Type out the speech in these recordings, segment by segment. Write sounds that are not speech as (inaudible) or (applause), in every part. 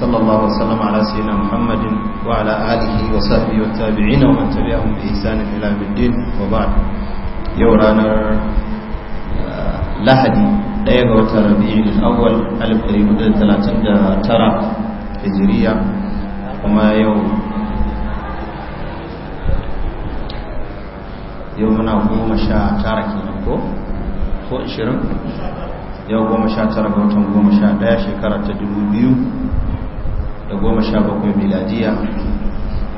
صلى الله وسلم على سيدنا محمد وعلى آله وصحبه والتابعين ومن تبعهم بإحسان إلى يوم الدين وبعد يورانا lahadi ɗaya ga watan rabi'in al'awwal 1939 hijiriya kuma yau yau muna goma sha tara kenan ko ko 20 yau goma sha tara ga watan goma sha ɗaya shekara ta dubu biyu da goma sha bakwai miladiya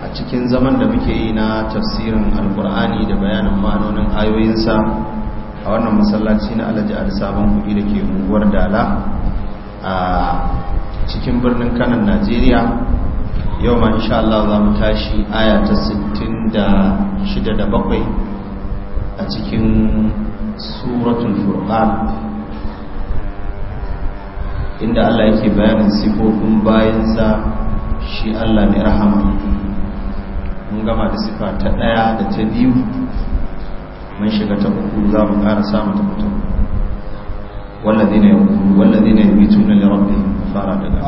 a cikin zaman da muke yi na tafsirin alkur'ani da bayanin ma'anonin ayoyinsa a wannan masallaci na alhaji sabon kuɗi da ke unguwar dala a cikin birnin kanan najeriya yau ma insha Allah za mu tashi aya ta bakwai a cikin suratul furqan inda Allah yake bayanin sifofin bayansa shi Allah ne rahama mun gama da sifa ta ɗaya da ta biyu mun shiga ta uku za mu ƙara samun ta mutum wallazi ne yankuru wallazi ne yi tuna da rabbi fara daga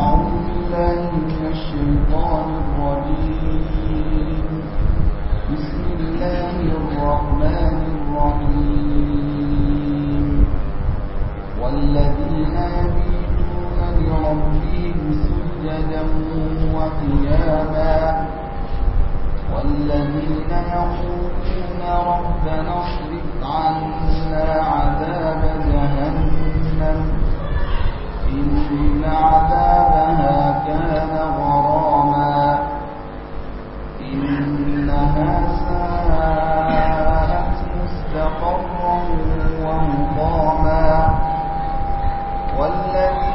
بسم والذين آمنوا لربهم سجدا وقياما والذين يقولون ربنا اصرف عنا عذاب جهنم إن عذابها كان غراما إنها ساءت مستقرا ومقاما والذين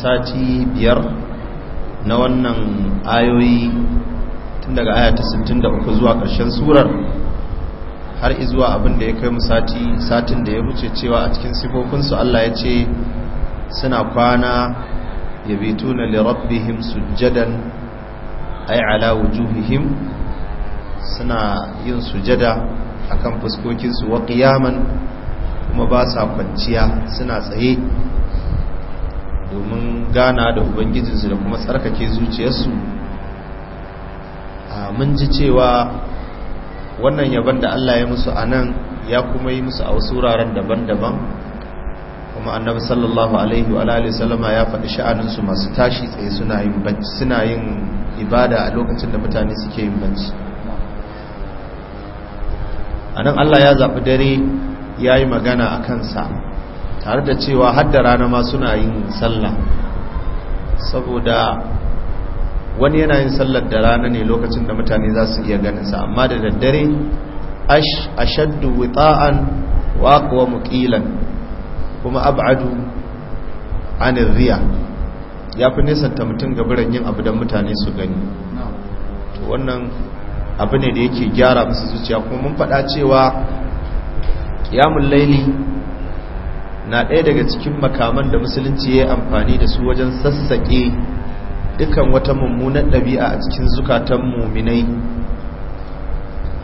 sati biyar na wannan ayoyi tun daga aya ta 63 zuwa ƙarshen surar har izuwa abin da ya kai mu sati satin da ya wuce cewa a cikin sifofinsu Allah ya ce suna kwana ya bituna lirabbihim sujjadan ay ala wujuhihim suna yin sujada akan fuskokinsu wa qiyaman kuma ba sa kwanciya suna tsaye gana da ubangijinsu da kuma tsarkake zuciyarsu mun ji cewa wannan yaban da Allah ya musu a nan ya kuma yi musu a wasu wuraren daban-daban kuma annabi sallallahu alaihi wa alihi sallama ya faɗi sha'aninsu masu tashi tsaye suna yin bacci suna yin ibada a lokacin da mutane suke yin banci. a nan Allah ya zaɓi dare ya yi magana a kansa tare da cewa har da rana ma suna yin sallah saboda wani yana yin sallar da rana ne lokacin da mutane za su iya ganinsa amma da daddare ashaddu wita'an wa aqwa muqilan kuma ab'adu an riya yafi nesanta mutum gaburan yin abu da mutane su gani to wannan abu ne da yake gyara musu zuciya kuma mun faɗa cewa qiyamul layli na ɗaya daga cikin makaman da musulunci ya amfani da su wajen sassaƙe dukan wata mummunan ɗabi'a a cikin zukatan muminai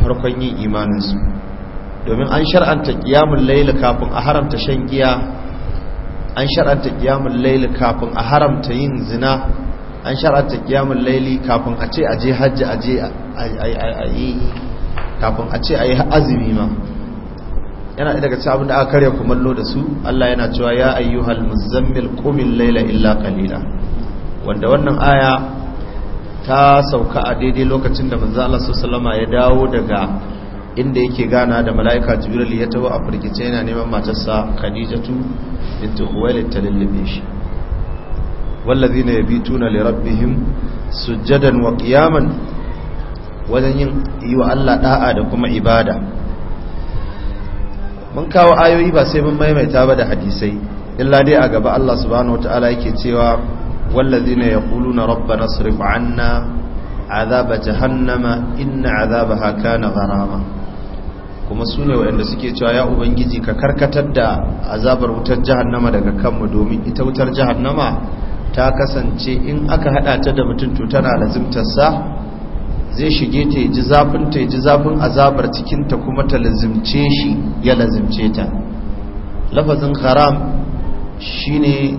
farkon yin imaninsu domin an shar'anta ƙiyamun laila kafin a haramta shan giya an shar'anta ƙiyamun laila kafin a haramta yin zina an shar'anta ƙiyamun laili kafin a ce a je hajji a je a yi kafin a ce a yi azumi ma yana daga cikin abin da aka karya kumallo da su Allah yana cewa ya ayyuhal muzammil qumil laila illa qalila wanda wannan aya ta sauka a daidai lokacin da manzo Allah sallallahu ya dawo daga inda yake gana da malaika jibril ya tawo a furgice yana neman matarsa khadijatu bint khuwailid ta lullube shi wallazina yabituna li rabbihim sujadan wa qiyaman wajen yin yi wa Allah da'a da kuma ibada mun kawo ayoyi ba sai mun maimaita ba da hadisai illa dai a gaba Allah subhanahu wataala yake cewa wallazina yaquluna rabbana asrif anna azaba jahannama inna azabaha kana gharama kuma sune ne waɗanda suke cewa ya ubangiji ka karkatar da azabar wutar jahannama daga kanmu domin ita wutar jahannama ta kasance in aka hada ta da mutum to tana sa. zai shige ta ji zafin ta ji zafin azabar cikin ta kuma ta lazimce shi ya lazimce ta lafazin haram shine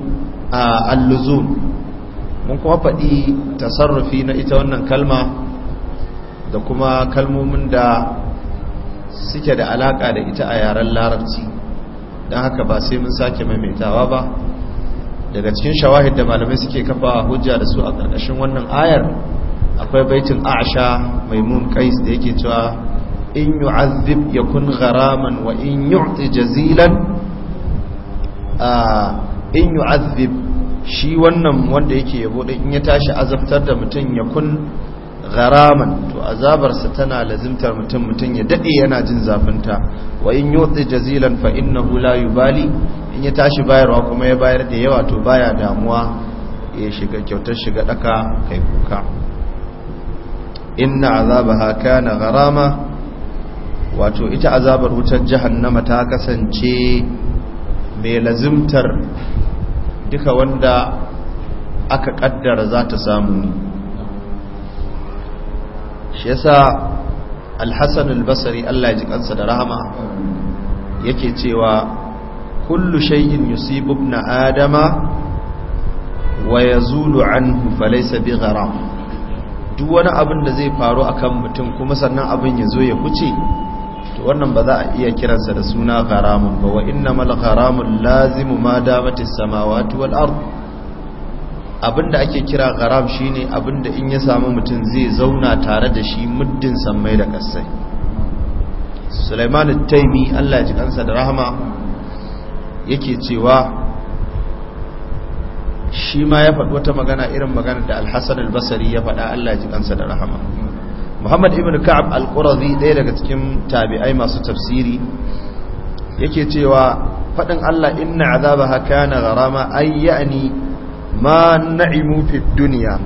a luzum mun kuma faɗi tasarrufi na ita wannan kalma da kuma kalmomin da suke da alaƙa da ita a yaren larabci don haka ba sai mun sake maimaitawa ba daga cikin shawahid da malamai suke kafa hujja da su a ƙarƙashin wannan ayar akwai baitin asha mai mun kais da yake cewa in yu'azzib yakun gharaman wa in yu'ti jazilan in yu'azzib shi wannan wanda yake yabo da in ya tashi azabtar da mutum yakun gharaman to azabarsa tana lazimtar mutum mutum ya dade yana jin zafinta wa in yu'ti jazilan fa innahu la yubali in ya tashi bayarwa kuma ya bayar da yawa to baya damuwa ya shiga kyautar shiga daka kai kuka inna azabaha kana gharama wato ita azabar wutar jahannama ta kasance mai lazimtar duka wanda aka kaddara za ta samu ne shi yasa alhassan albasari allah ji kansa da rahama yake cewa kullu shay'in yusibu ibn adama wa yazulu anhu falaysa bi gharam duk wani abin da zai faru a kan mutum kuma sannan abin ya zo ya kuce, to wannan ba za a iya kiransa da suna haramun ba wa mal haramun lazimu ma damati samawati wal ard da ake kira haram shine da in ya samu mutum zai zauna tare da shi muddin sammai da kasai Sulaiman at-Taimi Allah ya ji kansa da rahama yake cewa shi ma ya faɗi wata magana irin magana da alhassan albasari ya faɗa allah ji kansa da rahama muhammad ibn ka'ab al-qurazi ɗaya daga cikin tabi'ai masu tafsiri yake cewa faɗin allah inna azaba haka na gharama ai ya'ni ma na'imu fi duniya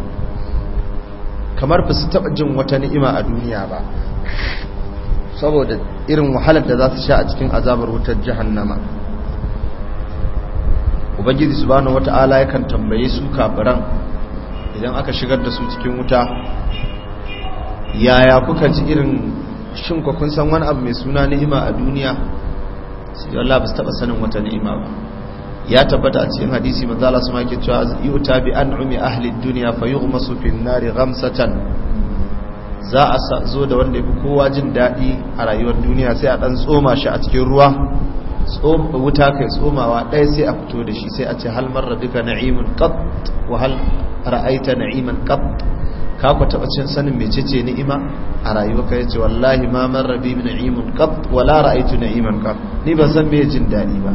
kamar ba su taɓa jin wata ni'ima a duniya ba saboda irin wahalar da za su sha a cikin azabar wutar jahannama ubangiji subhanahu wata'ala kan tambaye su kafiran idan aka shigar da su cikin wuta yaya kuka ji irin shin ku kun san wani abu mai suna ni'ima a duniya sai Allah ba su taba sanin wata ni'ima ba ya tabbata a cikin hadisi manzo Allah sama yake cewa yuta bi duniya ahli dunya fayughmasu su an-nari ghamsatan za a zo da wanda yafi kowa jin daɗi a rayuwar duniya sai a ɗan tsoma shi a cikin ruwa wuta kai tsomawa ɗaya sai a fito da shi sai a ce halmar duka na'imun ƙat wa hal ra'aita na'iman ƙat ka ku taba cin sanin mecece ni'ima a rayuwa ka ce wallahi ma marrabi min na'imun ƙat wa la ra'aitu na'iman ƙat ni ba san me jin daɗi ba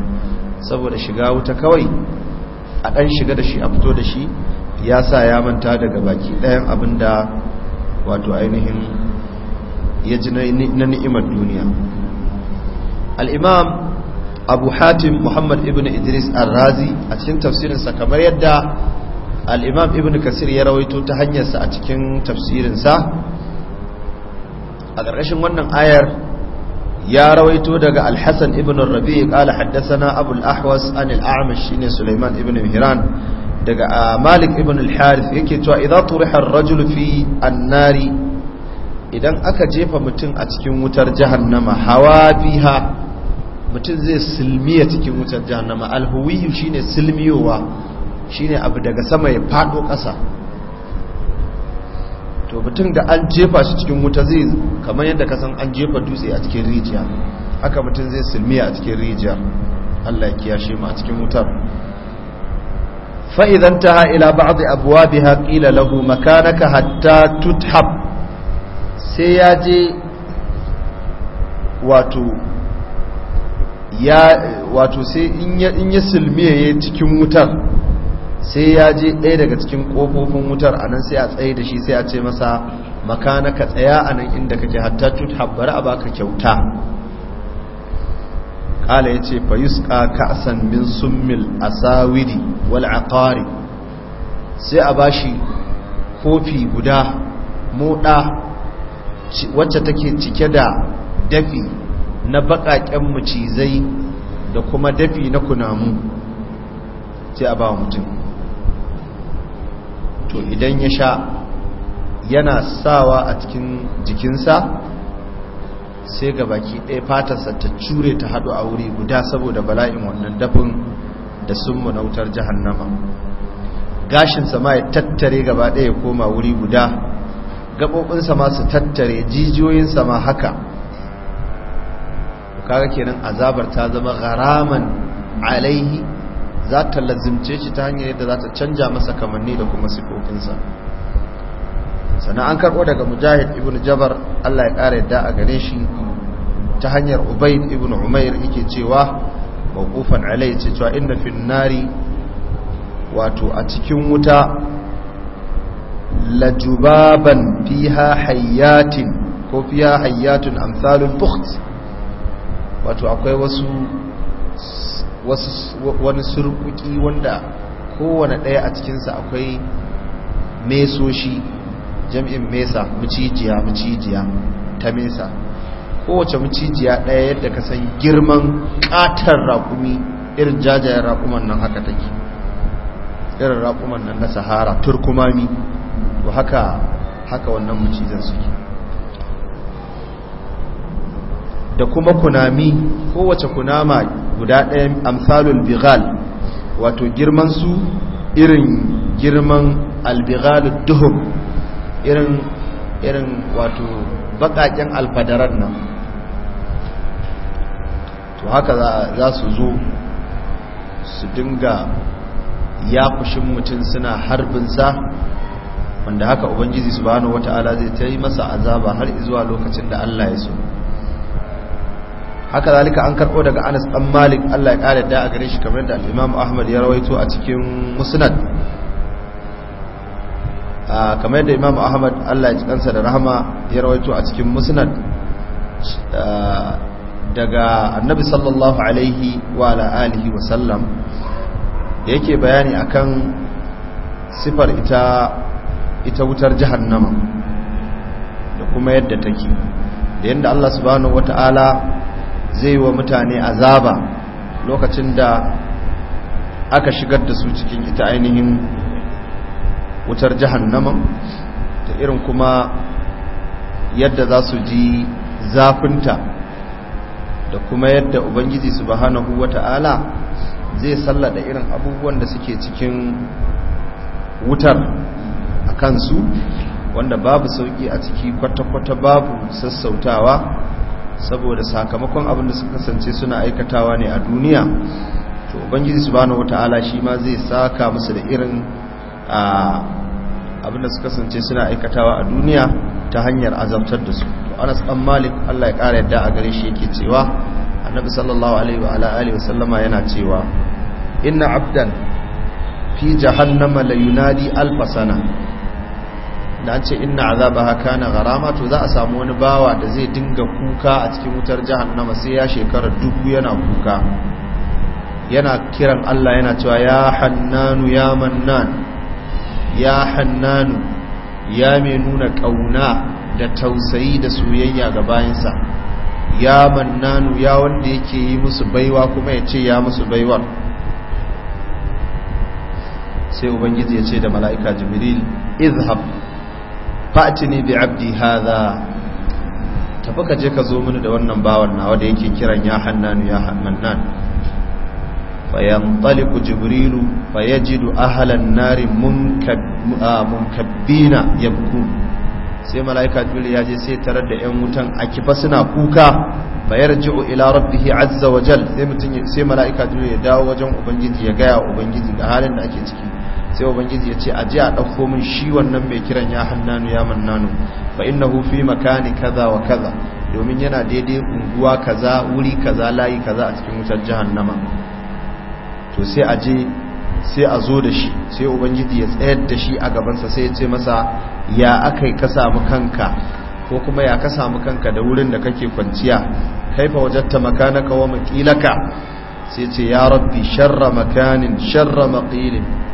saboda shiga wuta kawai a dan shiga da shi a fito da shi ya sa ya manta daga baki ɗayan abin da wato ainihin ya ji na ni'imar duniya al-imam abu hatim muhammad ibn idris al-razi a cikin tafsirinsa kamar yadda imam ibn kasir ya rawaito ta hanyarsa a cikin tafsirinsa a ƙarƙashin wannan ayar ya rawaito daga al-hassan ibn rabi ƙala haddasana abul ahwas an al'amish shine suleiman ibn hiran daga malik ibn al-harith yake cewa idan turihar rajul fi annari idan aka jefa mutum a cikin wutar jahannama hawa biha mutum zai silmiya cikin wutar jahannama alhuwiyu shine silmiyowa shine abu daga sama ya fado ƙasa to mutum da an jefa shi cikin wuta zai kamar yadda kasan an jefa dutse a cikin rijiya haka mutum zai silmiya a cikin rijiya Allah ya kiyashe mu a cikin wutar فإذا انتهى إلى بعض أبوابها makanaka hatta tuthab sai ya je wato. ya wato sai in ya silmiye ya cikin wutar sai ya je ɗaya daga cikin ƙofofin wutar a nan sai a tsaye da shi sai a ce masa makana ka tsaya a nan inda kake hatta tut habbara a baka kyauta ƙala ya ce fayuska ka'asan min summil asawidi wal aqari sai a bashi kofi guda moda wacce take cike da dafi na baƙaƙen macizai da kuma dafi na kunamu sai a ba mutum to idan ya sha yana sawa a cikin jikinsa sai ga baki ɗaya fatarsa ta cure ta haɗu a wuri guda saboda bala'in wannan dafin da sun munautar jahannama gashinsa ma ya tattare gaba ɗaya ya koma wuri guda gaɓoɓinsa ma su tattare jijiyoyinsa ma haka kaga kenan azabar ta zama gharaman alaihi za ta lazimce shi ta hanyar yadda za ta canja masa kamanni da kuma sifofinsa sannan an karɓo daga mujahid ibn jabar allah ya ƙara yadda a gare shi ta hanyar ubaid ibn umair yake cewa mawqufan alai ce cewa inna fin nari wato a cikin wuta lajubaban fiha hayatin ko fiha hayyatun amsalul bukht wato akwai wasu wani surkuki wanda kowane ɗaya a cikinsa akwai mesoshi jam'in mesa mucijiya mucijiya ta mesa kowace mucijiya ɗaya yadda ka san girman ƙatar raƙumi irin jajayen raƙuman nan haka take irin raƙuman nan na sahara turkumami to haka haka wannan mucizan suke da kuma kunami kowace kunama guda ɗaya amsalul bighal wato girman su irin girman albighalud duhum irin irin wato bakaken alfadaran nan to haka za su zo su dinga ya kushin mutum suna harbin sa wanda haka ubangiji subhanahu wata'ala zai ta yi masa azaba har zuwa lokacin da Allah ya so haka zalika an karɓo daga anas ɗan malik allah ya ƙara da a gare shi kamar da imam ahmad ya rawaito a cikin musnad kamar da imam ahmad allah ya kansa da rahama ya rawaito a cikin musnad daga annabi sallallahu alaihi wa alihi wa sallam yake bayani akan sifar ita ita wutar jahannama da kuma yadda take da yadda allah subhanahu wata'ala zai yi wa mutane azaba lokacin da aka shigar da su cikin ita ainihin wutar jahannaman ta irin kuma yadda za su ji zafinta da kuma yadda ubangiji su huwa ta'ala zai sallada irin abubuwan da suke cikin wutar a kansu wanda babu sauki a ciki kwata-kwata babu sassautawa saboda sakamakon abin da suka kasance suna aikatawa ne a duniya to ubangiji subhanahu wataala shi ma zai saka musu da irin abin da suka kasance suna aikatawa a duniya ta hanyar azabtar da su to Anas dan Malik Allah ya kara yadda a gare shi yake cewa Annabi sallallahu alaihi wa alihi wa yana cewa inna abdan fi jahannama la yunadi alfasana. da an ce inna azabaha kana gharama to za a samu wani bawa da zai dinga kuka a cikin wutar jihar jahannama sai ya shekarar dubu yana kuka yana kiran Allah yana cewa ya hannanu ya mannan ya hannanu ya mai nuna kauna da tausayi da soyayya ga bayansa ya mannanu ya wanda yake yi musu baiwa kuma ya ce ya musu baiwar sai ubangiji ya ce da mala'ika jibril izhab fa'tini bi abdi hadha tafi ka je ka zo mini da wannan bawan nawa da yake kiran ya hannanu ya hannan yantaliqu jibrilu yajidu ahlan nari munkabbina yabku sai malaika jibril ya je sai tarar da 'yan wutan akifa suna kuka yarji'u ila rabbihi azza wa jal sai mutun sai malaika jibril ya dawo wajen ubangiji ya gaya ubangiji ga halin da ake ciki sai ubangiji ya ce a ji a ɗauko min shi wannan mai kiran ya hannanu ya mannanu fa innahu fi makani kaza wa kaza domin yana daidai unguwa kaza wuri kaza layi kaza a cikin wutar jahannama to sai a je sai a zo da shi sai ubangiji ya tsayar da shi a gabansa sai ya ce masa ya aka yi ka samu kanka ko kuma ya ka samu kanka da wurin da kake kwanciya kaifa wajatta makanaka wa makilaka sai ce ya rabbi sharra makanin sharra maqilin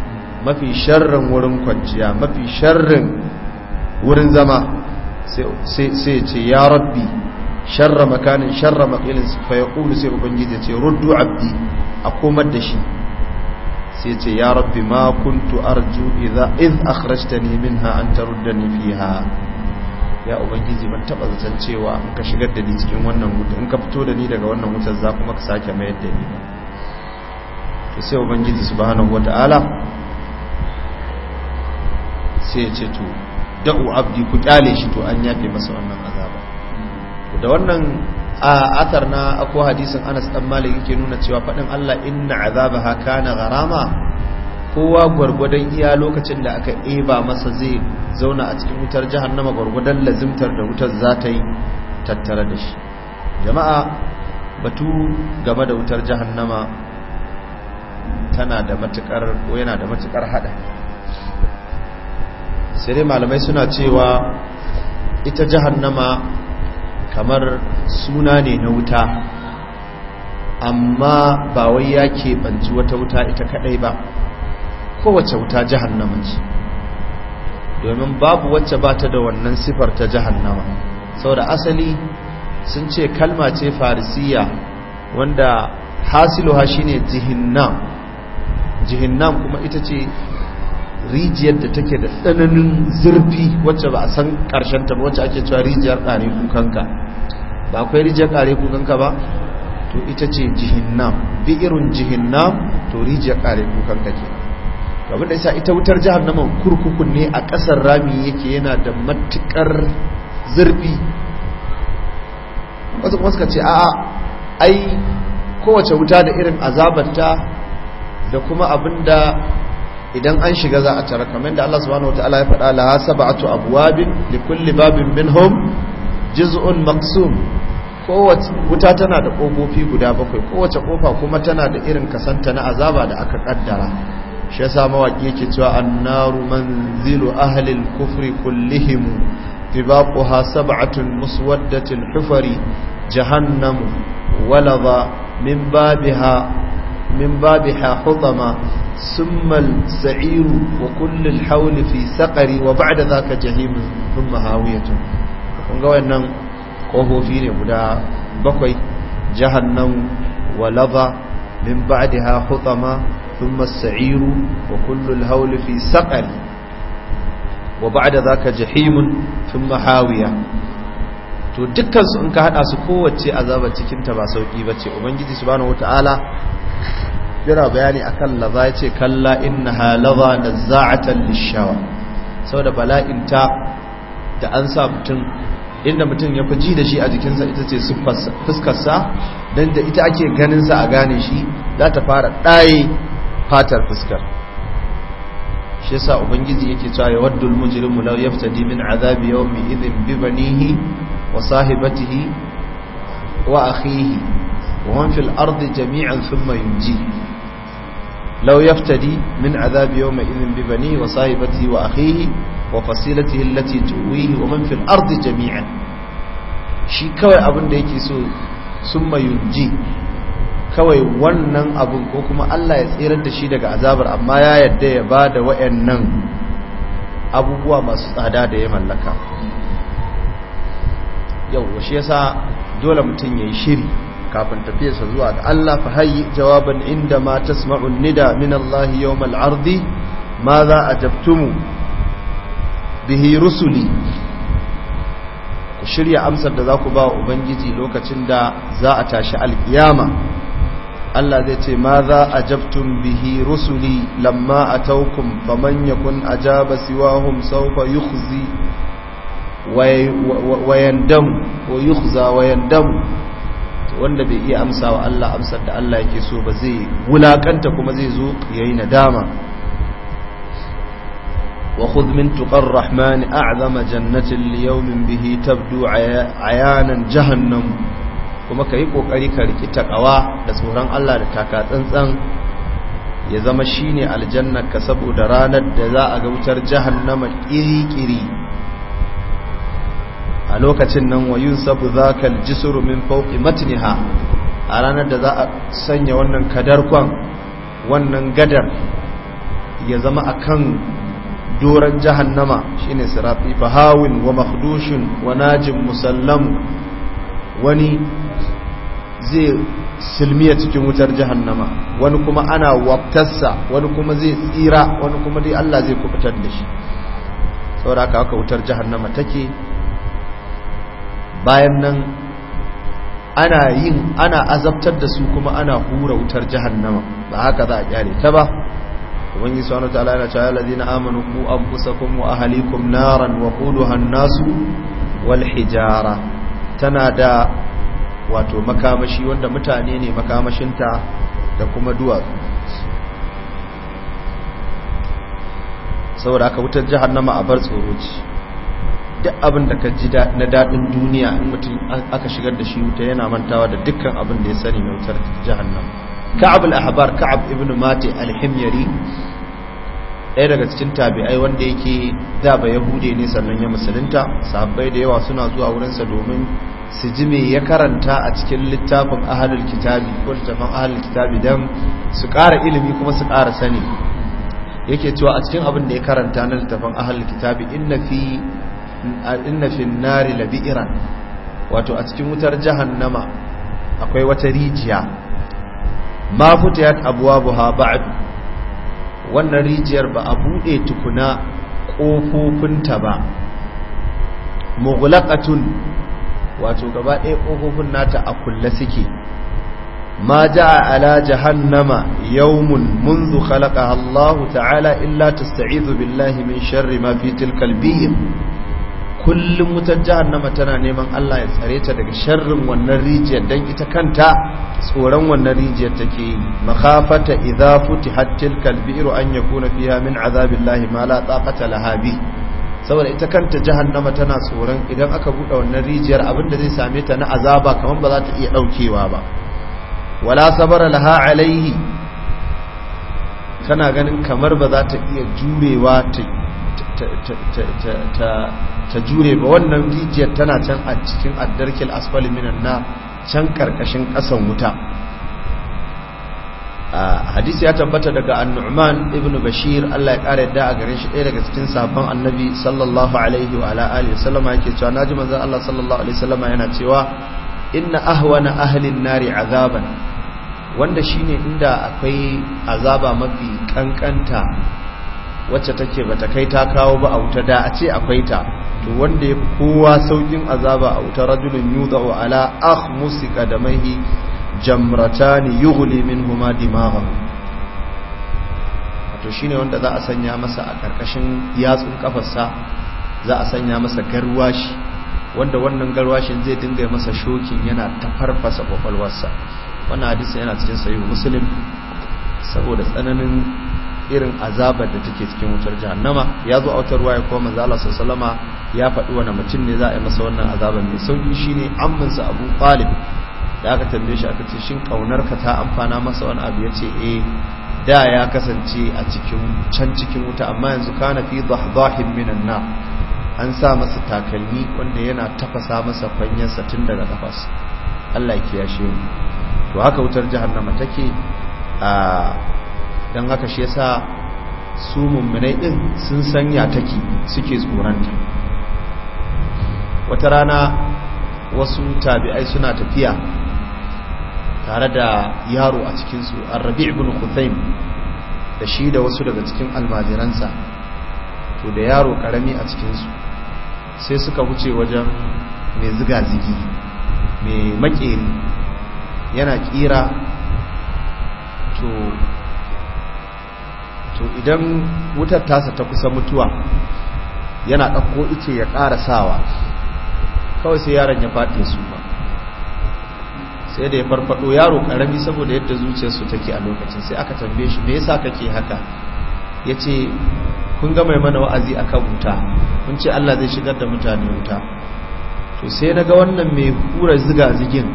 mafi sharrin wurin kwanciya mafi sharrin wurin zama sai ce ya rabbi sharra makanin sharra makilin fa ya kulu sai ubangiji ce ruddu abdi a komar da shi sai ce ya rabbi ma kuntu arju idza iz akhrajtani minha an taruddani fiha ya ubangiji ban taba zaton cewa in ka shigar da ni cikin wannan wuta in ka fito da ni daga wannan wutar za kuma ka sake mayar da ni ba sai ubangiji subhanahu wataala sai ya ce to da'u abdi ku kyale shi to an yafe masa wannan azaba da wannan a athar na ko hadisin Anas dan Malik yake nuna cewa fadin Allah inna azabaha kana gharama kowa gwargwadon iya lokacin da aka eba masa zai zauna a cikin wutar jahannama gwargwadon lazimtar da wutar za ta yi tattare da shi jama'a batu game da wutar jahannama tana da matukar ko yana da matukar hada sai dai malamai suna cewa ita jahannama kamar suna ne na wuta amma ba wai ya ke banci wata wuta ita kadai ba kowace wuta jahannama ce domin babu wacce ba ta da wannan sifar ta jahannama saboda asali sun ce kalma ce farisiya wanda hasiluha shine jihinnam jihinnam kuma ita ce rijiyar da take da tsananin zurfi wacce ba a san karshen ta ba wacce ake cewa rijiyar kukan kukanka ba akwai rijiyar kukan kukanka ba to ita ce jihinnam bi irin jihinnam to rijiyar kukan kukanka ke abin da isa ita wutar jihar naman kurkukun ne a ƙasar rami yake yana da matukar zurfi wasu kuma suka ce a'a ai kowace wuta da irin azabarta da kuma abin da. idan an shiga za a tara kamar da Allah subhanahu wataala ya faɗa laha sab'atu abwabin li kulli babin minhum juz'un maqsum kowace wuta tana da kofofi guda bakwai kowace kofa kuma tana da irin kasanta na azaba da aka kaddara shi yasa mawaki yake cewa annaru manzilu ahli al-kufri kullihim tibaquha sab'atun muswaddatin hufari jahannam walaba min babiha من بابها حطما ثم السعير وكل الحول في سقر وبعد ذاك جهيم ثم هاوية ونقوى أنه قوه فيني قد بقي جهنم ولظى من بعدها حطما ثم السعير وكل الهول في سقر وبعد ذاك جهيم ثم هاوية to dukkansu in ka hada su kowace azaba cikin ta ba sauki bace ubangiji subhanahu wataala yana bayani akan laza ya ce kalla innaha laza nazza'atan lishawa saboda bala'in da an sa mutum inda mutum ya fi ji da shi a jikinsa ita ce fuskarsa don da ita ake ganinsa a gane shi za ta fara ɗaye fatar fuskar shi yasa ubangiji yake cewa ya waddu almujrimu law yaftadi min azabi yawmi idhin bi banihi wa sahibatihi wa akhihi wa man fil ardi jami'an thumma yunji لو يفتدي من عذاب يومئذ ببنيه وصاحبته وأخيه وفصيلته التي تؤويه ومن في الأرض جميعا shi kawai abin da yake so sun mayunji kawai wannan abun ko kuma Allah ya tsirar da shi daga azabar amma ya yarda ya ba da wa'annan abubuwa masu tsada da ya mallaka yau shi yasa dole mutum ya yi shiri kafin tafiyarsa zuwa ga Allah fa hayyi jawaban inda ma tasma'u nida min Allah yawm al ma za ajabtumu bihi rusuli ku shirya amsar da za ku ba ubangiji lokacin da za a tashi alkiyama Allah zai ce ma za a bihi rusuli lamma a taukun faman yakun a jaba siwahun saufa yukhzi wayan damu yukhza wanda bai iya amsa wa Allah amsar da Allah yake so ba zai wulakanta kuma zai zo yayi nadama wa khudh min tuqar rahman a'zama jannatin li yawmin bihi tabdu ayanan jahannam kuma kai kokari ka riki takawa da tsoron Allah da taka tsantsan ya zama shine aljannar ka saboda ranar da za a ga wutar jahannama kiri kiri a lokacin nan wa yunsabu zakal jisru min fawqi matniha a ranar da za a sanya wannan kadarkon wannan gadar ya zama a kan doron jahannama shine sirafi fahawin wa makhdushun wa najin musallam wani zai silmiya cikin wutar jahannama wani kuma ana waftarsa wani kuma zai tsira wani kuma dai Allah zai kubutar da shi saboda haka wutar jahannama take bayan nan ana yin ana azabtar da su kuma ana hura wutar jahannama ba haka za a kyare ta ba ubangiji yi wa ta'ala yana cewa allazina amanu ku anfusakum wa ahlikum naran wa quduha an-nasu wal hijara tana da wato makamashi wanda mutane ne makamashinta da kuma duwatsu saboda aka wutar jahannama a bar tsoro ce duk abin da ka ji na daɗin duniya in mutum aka shigar da shi wuta yana mantawa da dukkan abin da ya sani na wutar nan. ka'ab al-ahbar ka'ab ibn mati al-himyari ɗaya daga cikin tabi'ai wanda yake za ba yahude ne sannan ya musulunta sahabbai da yawa suna zuwa wurinsa domin su ji me ya karanta a cikin littafin ahalul kitabi ko littafin ahalul kitabi don su ƙara ilimi kuma su ƙara sani yake cewa a cikin abin da ya karanta na littafin ahalul kitabi inna fi inna fin nari wato a cikin wutar jahannama akwai wata rijiya ma futiyat abwabuha ba'd wannan rijiyar ba a bude tukuna kofofinta ba mughlaqatun wato gaba ɗaya ƙofofin nata a kulle suke ma ja'a ala jahannama yawmun munzu خلقها allahu ta'ala illa tasta'izu billahi min sharri ما kullum wutar jahannama tana neman Allah ya tsare ta daga sharrin wannan rijiyar dan ita kanta tsoron wannan rijiyar take yi makhafata idza futihat tilkal bi'ru an yakuna fiha min azabillahi ma la taqata laha bi saboda ita kanta jahannama tana tsoron idan aka bude wannan rijiyar abinda zai same ta na azaba kaman ba za ta iya daukewa ba wala sabara laha alaihi kana ganin kamar ba za ta iya jurewa ta ta jure ba wannan rijiyar tana can a cikin addarkil asfali minan na can karkashin kasan wuta hadisi ya tabbata daga annu'man ibn bashir Allah ya kare yadda a garin shi ɗaya daga cikin sabon annabi sallallahu alaihi wa ala'ali salama yake cewa na naji manzon Allah sallallahu alaihi Salama yana cewa inna ahwana ahalin nari azaban wanda shine inda akwai azaba mafi kankanta wacce take bata kai ta kawo ba a wuta da a ce akwai ta to wanda ya kowa saukin azaba a wuta rajulun yudau ala da qadamaihi jamratani yughli huma dimaghahu to shine wanda za a sanya masa a karkashin yatsun kafarsa za a sanya masa garwashi wanda wannan garwashin zai dinga masa shokin yana tafarfasa kwakwalwarsa wannan hadisi yana cikin sahihu muslim saboda tsananin irin azabar da take cikin wutar jahannama ya zo a wutar ruwaya ko manzo Allah sallama ya faɗi wani mutum ne za a yi masa wannan azabar mai sauki shine amman sa Abu Talib da aka tambaye shi aka ce shin kaunar ka ta amfana masa wani abu yace eh da ya kasance a cikin can cikin wuta amma yanzu kana fi dhahdahin minan na an sa masa takalmi wanda yana tafasa masa sa tun daga kafas Allah ya kiyashe mu to haka wutar jahannama take a ah, don haka shi yasa su mummunai ɗin sun sanya take suke tsoranta, wata rana wasu tabi'ai suna tafiya tare da yaro a cikinsu an rabi ibn khuthaim da shi da wasu daga cikin almajiransa to da yaro karami a cikinsu sai suka wuce wajen mai ziga-zigi mai makeri yana kira to to idan wutar tasa ta kusa mutuwa yana ɗauko ice ya ƙara sawa kawai sai yaron ya faɗi su ba sai da ya farfaɗo yaro ƙarami saboda yadda zuciyarsu take a lokacin sai aka tambaye shi me yasa kake haka ya ce kun ga mai mana wa'azi a kan wuta kun ce allah zai shigar da mutane wuta to sai na ga wannan mai hura ziga zigin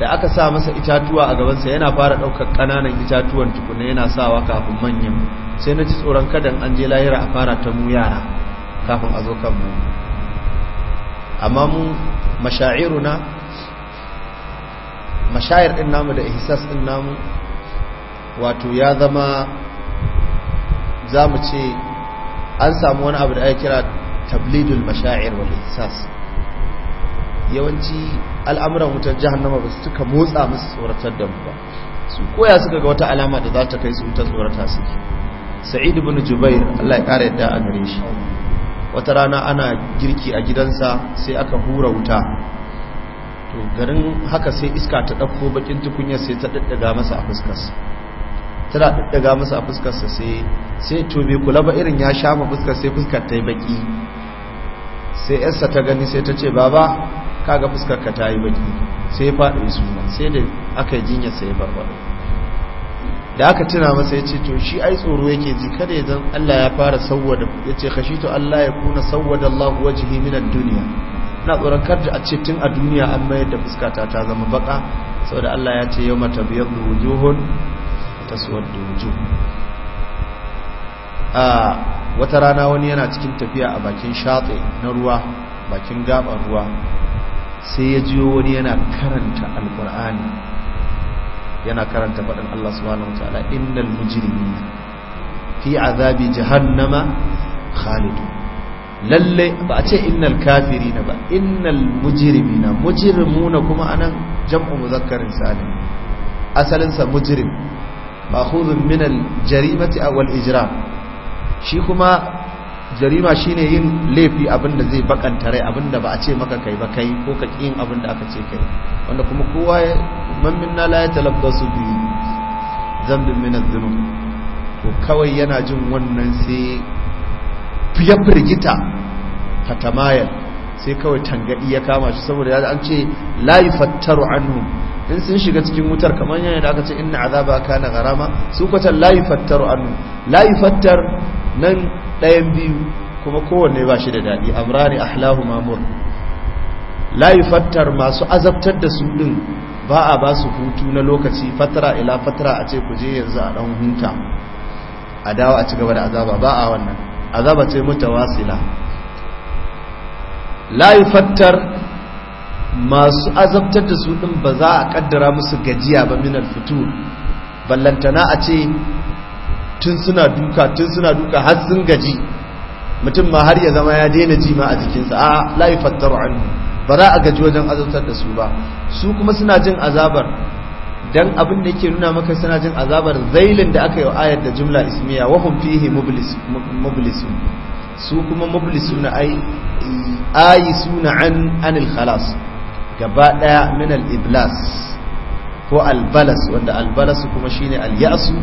da aka sa masa itatuwa a gabansa yana fara ɗaukar ƙananan itatuwan tukuna yana sawa kafin manyan sai na ci tsoron kadan an je lahira a fara ta mu yara kafin a zo kan mu amma mu masha'iruna mashayar ɗin namu da ihsas ɗin namu wato ya zama za ce an samu wani abu da ake kira tablidul masha'ir wal ihsas yawanci al'amuran wutar jahannama ba su suka motsa musu tsoratar da mu ba su koya suka ga wata alama da za ta kai su ta tsorata suke sa'id ibn jubair Allah ya kare yadda a gare shi wata rana ana girki a gidansa sai aka hura wuta to garin haka sai iska ta ɗauko bakin tukunyar sai ta daddaga masa a fuskarsa tana daddaga masa a fuskarsa sai sai to bai kula ba irin ya sha ma fuskar sai fuskar ta yi baki sai yarsa ta gani sai ta ce baba kaga fuskar ka ta yi baki sai ya faɗi suna sai da aka yi jinya sai ya da aka tuna masa ya ce to shi ai tsoro yake ji kada ya zan Allah ya fara sawwada ya khashitu Allah ya kuna sawwada Allah wajhi min ad-dunya ina tsoron kada a ce tun a duniya an mayar da fuska ta ta zama baka saboda Allah ya ce yawma tabyadu wujuhun taswaddu wujuh a wata rana wani yana cikin tafiya a bakin shatsi na ruwa bakin gaban ruwa sai ya jiyo wani yana karanta alkur'ani yana karanta faɗin Allah subhanahu wa ta'ala innal mujrimina fi azabi jahannama khalidun lalle ba a ce innal kafirina ba innal mujrimina mujrimuna kuma anan jam'u muzakkarin salim asalin sa mujrim ma'khudun min al jarimati aw al ijram shi kuma jarima shine yin laifi abinda zai bakanta rai abinda ba a ce maka kai ba kai ko ka yin abinda aka ce kai wanda kuma kowa ya mammin na la ya talabbasu bi zambin min az-zunub to kawai yana jin wannan sai fiye firgita fatamayar sai kawai tangadi ya kama shi saboda ya an ce la yufattaru anhu in sun shiga cikin wutar kamar yana da aka ce inna azaba kana garama su kwatan la yufattaru anhu la yufattar nan ɗayan biyu kuma kowanne ba shi da daɗi amrani ahlahu mamur layi fattar masu azabtar da su ɗin ba a ba su hutu na lokaci fatara ila fatara a ce kuje yanzu a ɗan hunta a dawo a ci gaba da azaba ba a wannan azaba ce mutawasila wasila fattar masu azabtar da su ɗin ba za a ƙaddara musu gajiya ba min fito ballantana a ce tun suna duka tun suna duka har sun gaji mutum ma har ya zama ya daina ji ma a jikinsa a la anhu ba za a gaji wajen azabtar da su ba su kuma suna jin azabar dan abin da yake nuna maka suna jin azabar zailin da aka yi ayar da jumla ismiya wa hum fihi mublisun su kuma mublisuna ai ayi suna an anil khalas gaba daya min al iblas ko albalas wanda albalas kuma shine al ya'su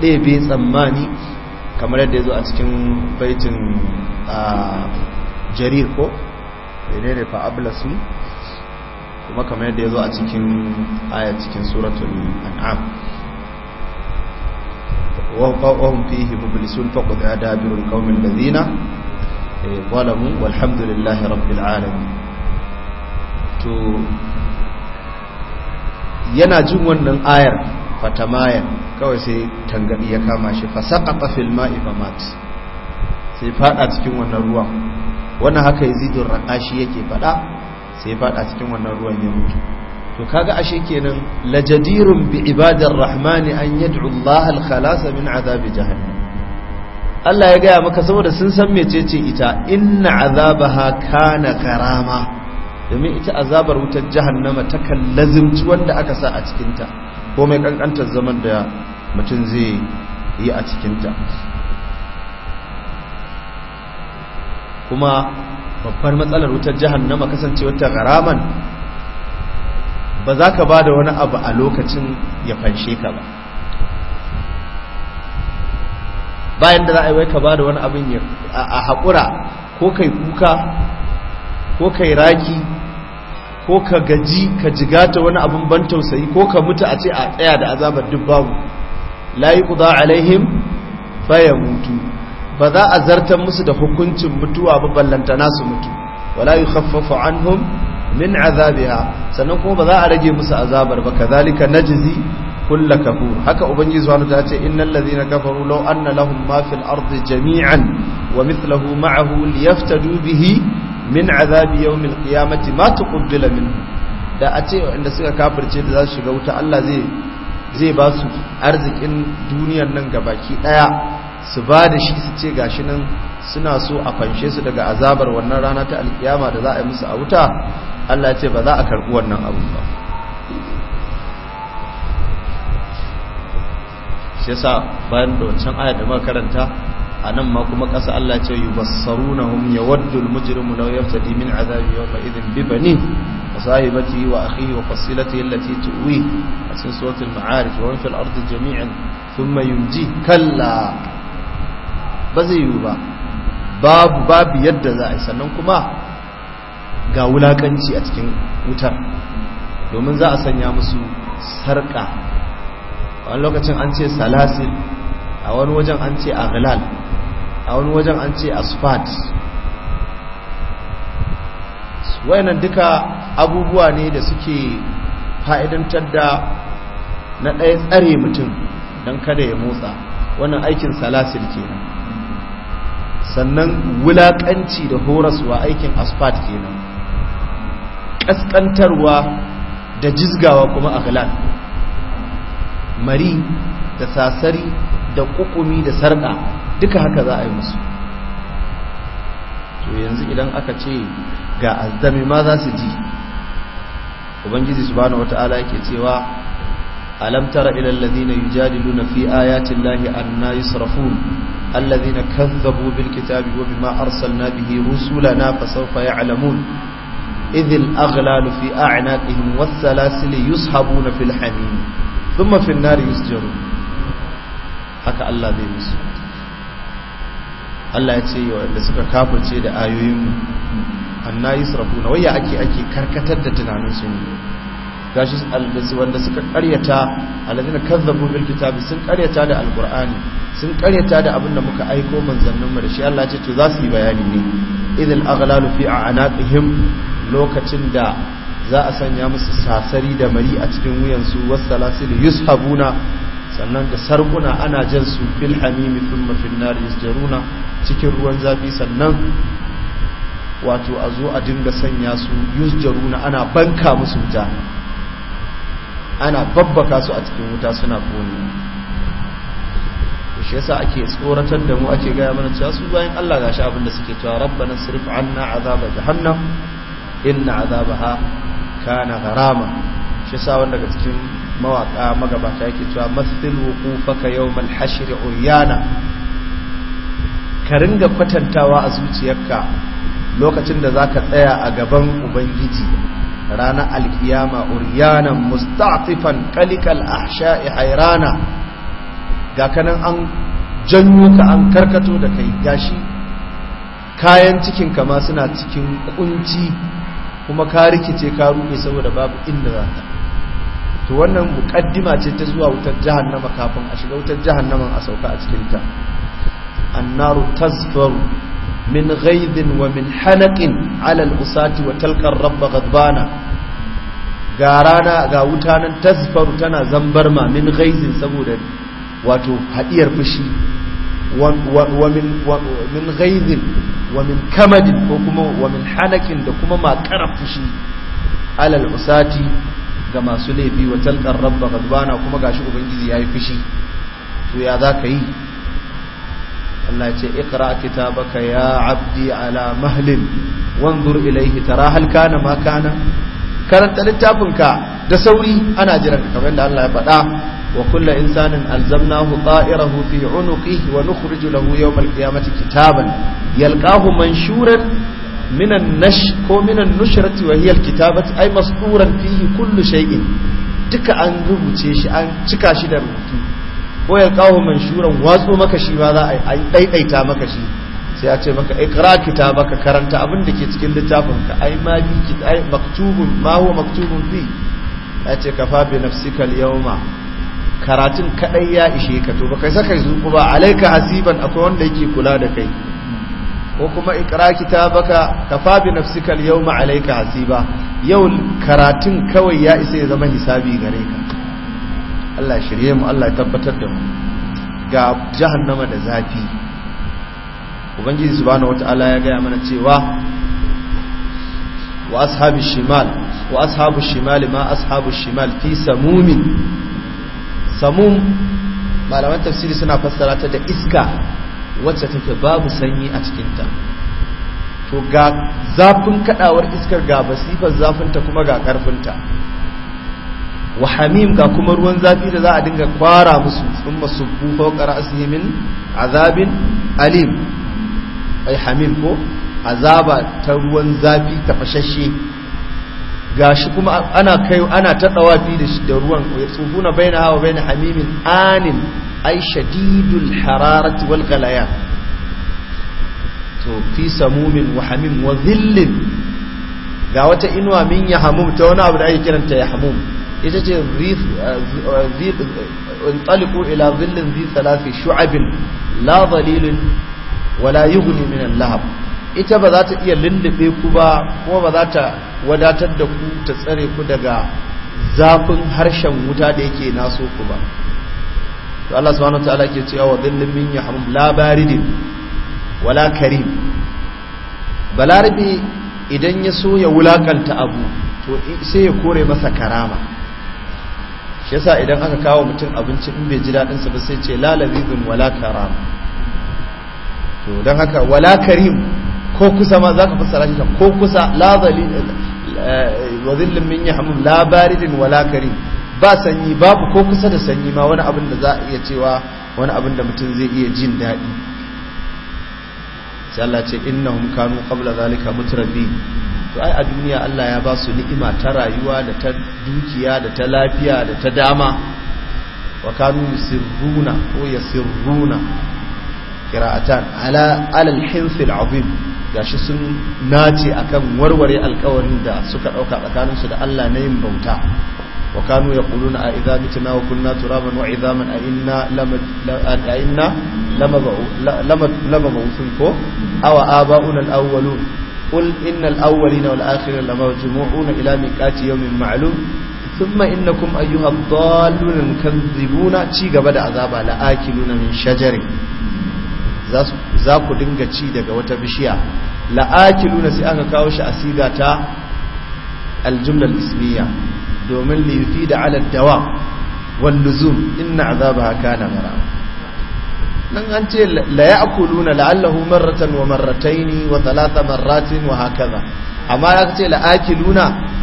ɗebe tsammani kamar yadda ya zo a cikin baitin a jarir ko benere fa ablasu kuma kamar yadda ya zo a cikin aya cikin suratun an'am wakwakwakwun fihi mubilisun fakwada ya dabirun kawomin da zina a eh, yi kwalamu walhamdulillahi rabbil alami to yana jin wannan ayar fatamaya kawai sai tangadi ya kama shi fasaqata fil ma'i mat sai fada cikin wannan ruwan wannan haka yazidun raqashi yake fada sai fada cikin wannan ruwan ya mutu to kaga ashe kenan lajadirun bi ibadir rahmani an yad'u Allah al-khalas min azab jahannam Allah ya gaya maka saboda sun san mecece ita inna azabaha kana karama domin ita azabar wutar jahannama ta lazimci wanda aka sa a cikinta ta ko mai kankantar zaman da mutum zai yi a cikinta kuma babbar matsalar wutar jahannama makasance wata karaman ba za ka ba da wani abu a lokacin ya fanshe ka ba bayan da za a yi wai ka ba da wani abin a haƙura ko kai kuka ko kai raki ko ka gaji ka jigata wani abin ban tausayi ko ka mutu a ce a tsaya da azabar duk babu la yuqda alaihim mutu ba za a zartar musu da hukuncin mutuwa ba ballanta nasu mutu wala yukhaffafu anhum min azabiha sannan kuma ba za a rage musu azabar ba kazalika najzi kulla kafu haka ubangiji subhanahu ta ce innal ladhina kafaru law anna lahum ma fil ardi jami'an wa mithluhu ma'ahu liyaftadu bihi min azabi yawmil qiyamati ma tuqbila min da a ce inda suka kafirce da za su shiga wuta Allah zai zai ba su arzikin duniyar nan ga baki daya su ba da shi su ce gashi nan suna so a fanshe su daga azabar wannan rana ta alkiyama da za a yi musu a wuta Allah ya ce ba za a karɓi wannan abu ba shi yasa bayan da wancan aya da muka karanta anan ma kuma ƙasa Allah ce yubassarunahum yawaddu almujrimu law yaftadi min azabi yawma a bi banih wa sahibatihi wa akhihi wa fasilatihi allati tuwi a cikin suratul ma'arij wa fil ardi jami'an thumma yunji kalla ba zai yi ba babu babu yadda za a yi sannan kuma ga wulakanci a cikin wutar domin za a sanya musu sarka wani lokacin an ce salasil a wani wajen an ce aghlal a wani wajen an ce asfad wayannan duka abubuwa ne da suke fa'idantar da na ɗaya tsare mutum don kada ya motsa wannan aikin salasir kenan sannan wulaƙanci da horaswa aikin asfad kenan ƙasƙantarwa da jizgawa kuma a mari da sasari da kukumi da sarƙa duka haka za a yi musu to yanzu idan aka ce ga azami ma za su ji ubangiji subhanahu wata'ala yake cewa alam tara ila alladhina yujadiluna fi ayati llahi anna yusrafun alladhina kazzabu bil kitabi wa bima arsalna bihi rusulana fasawfa ya'lamun idh al aghlalu fi a'naqihim was salasil yushabuna fil hamim thumma fil nari yusjarun haka Allah zai musu Allah ya ce yi waɗanda suka kafirce da ayoyinmu anna yusrafu na waya ake ake karkatar da tunaninsu. su ne gashi algasi wanda suka karyata alladina kazzabu bil kitabi sun karyata da alqur'ani sun karyata da abinda muka aiko manzannin mu da shi Allah ce to za su yi bayani ne idil aghlalu fi a'naqihim lokacin da za a sanya musu sasari da mari a cikin wuyansu wasalasil yushabuna sannan da sarkuna ana jan su fil hamimi fil fil nari jaruna cikin ruwan zafi sannan wato a zo a dinga sanya su jaruna ana banka musu wuta ana babbaka su a cikin wuta suna kone shi yasa ake tsoratar da mu ake gaya mana cewa su bayan Allah gashi abin da suke cewa rabbana sirf anna azaba jahannam inna azabaha kana harama shi yasa wanda daga cikin mawaka magabata yake cewa masfil wuqufaka yawmal hashr uryana ka ringa kwatantawa a zuciyarka lokacin da zaka tsaya a gaban ubangiji ranar alkiyama uryana musta'tifan qalikal ahsha'i hayrana ga kanan an janyo ka an karkato da kai gashi kayan cikin ma suna cikin kunci kuma ka rikice ka rufe saboda babu inda za ka to wannan muqaddima ce ta zuwa wutar jahannama kafin a shiga wutar jahannaman a sauka a cikin ta annaru tazfaru min ghaidin wa min hanaqin ala al-usati wa talqa ar-rabb ghadbana ga rana ga wuta nan tazfaru tana ma min ghaizin saboda wato hadiyar fushi wa min ghaizin wa min kamadin ko kuma wa min hanakin da kuma ma makarar fushi alal usati ga masu laifi wa talqar rabba gadbana kuma gashi ubangiji yayi fushi to ya zaka yi Allah ce ikra kitabaka ya abdi ala mahlin wanzur ilayhi tara hal kana ma kana karanta littafinka da sauri ana jiran kamar da Allah ya faɗa wa kullu insanin alzamnahu ta'irahu fi unuqihi wa nukhriju lahu yawm al kitaban yalqahu manshuran minan nash ko minan nushrati wa hiya alkitabat ay masduran fihi kullu shay'in duka an rubuce shi an cika shi da rubutu ko ya kawo manshuran watsu maka shi ba za a yi daidaita maka shi sai a ce maka ikra kitabaka karanta abin da ke cikin littafin ka ai ma bi kitai maktubun ma huwa maktubun fi ya ce bi nafsika al-yawma karatun kadai ya ishe ka to baka saka zuku ba alaika hasiban akwai wanda yake kula da kai ko kuma ikra kitabaka kafa bi nafsika al-yawma alayka hasiba yau karatun kawai ya isa ya zama hisabi gare ka Allah shirye mu Allah tabbatar da mu ga jahannama da zafi ubangiji subhanahu wataala ya ga mana cewa wa ashabi shimal wa ashabu shimal ma ashabu shimal fi samum samum malaman tafsiri suna fassara ta da iska wacce take babu sanyi a cikinta to ga zafin kadawar iskar ga basifar zafinta kuma ga karfinta wa hamim ga kuma ruwan zafi da za a dinga kwara musu sun masubbu fawqa ra'sihim azabin alim ai hamim ko azaba ta ruwan zafi ta ga gashi kuma ana kai ana da shi da ruwan na bainaha wa na hamimin anin ai shadidul hararati wal to fi samumin wa hamim wa dhillin ga wata inuwa min ya hamum ta wani abu da ake kiranta ya hamum ita ce ila إلى ظل ذي ثلاث la لا wala ولا يغني من lahab ita ba za ta iya lullube ku ba kuma ba za ta wadatar da ku ta tsare ku daga zafin harshen wuta da yake naso ku ba to Allah subhanahu wataala ke cewa wa dhillin min yahmum la baridin wala karim balarabi idan ya so ya wulakanta abu to sai ya kore masa karama shi yasa idan aka kawo mutum abinci in bai ji dadin sa ba sai ce la lazizun wala karama to dan haka wala karim ko kusa ma zaka fassara shi ko kusa la zalil eh, wa dhillin min yahmum la baridin wala karim ba sanyi babu ko kusa da sanyi ma wani abin da za a iya cewa wani abin da mutum zai iya jin daɗi sai Allah ce innahum kanu qabla zalika mutarabi to ai a duniya Allah ya ba su ni'ima ta rayuwa da ta dukiya da ta lafiya da ta dama wa kanu yusirruna ko yasirruna qira'atan ala alal hinsi al'azim gashi sun nace akan warware alƙawarin da suka dauka tsakaninsu da Allah na yin bauta وكانوا يقولون أئذا متنا وكنا ترابا وعظاما أئنا أئنا لمبعوثون كو أو آباؤنا الأولون قل إن الأولين والآخرين لمجموعون إلى ميقات يوم معلوم ثم إنكم أيها الضالون المكذبون تيغا بدا عذابا لآكلون من شجر za ku dinga ci daga wata bishiya la'akiluna sai aka kawo shi a siga ta aljumlar ismiya domin lifi da ala dawa wal luzum inna azabaha kana mar'a nan an ce la la'allahu marratan wa marrataini wa talata marratin wa hakaza amma ya ce la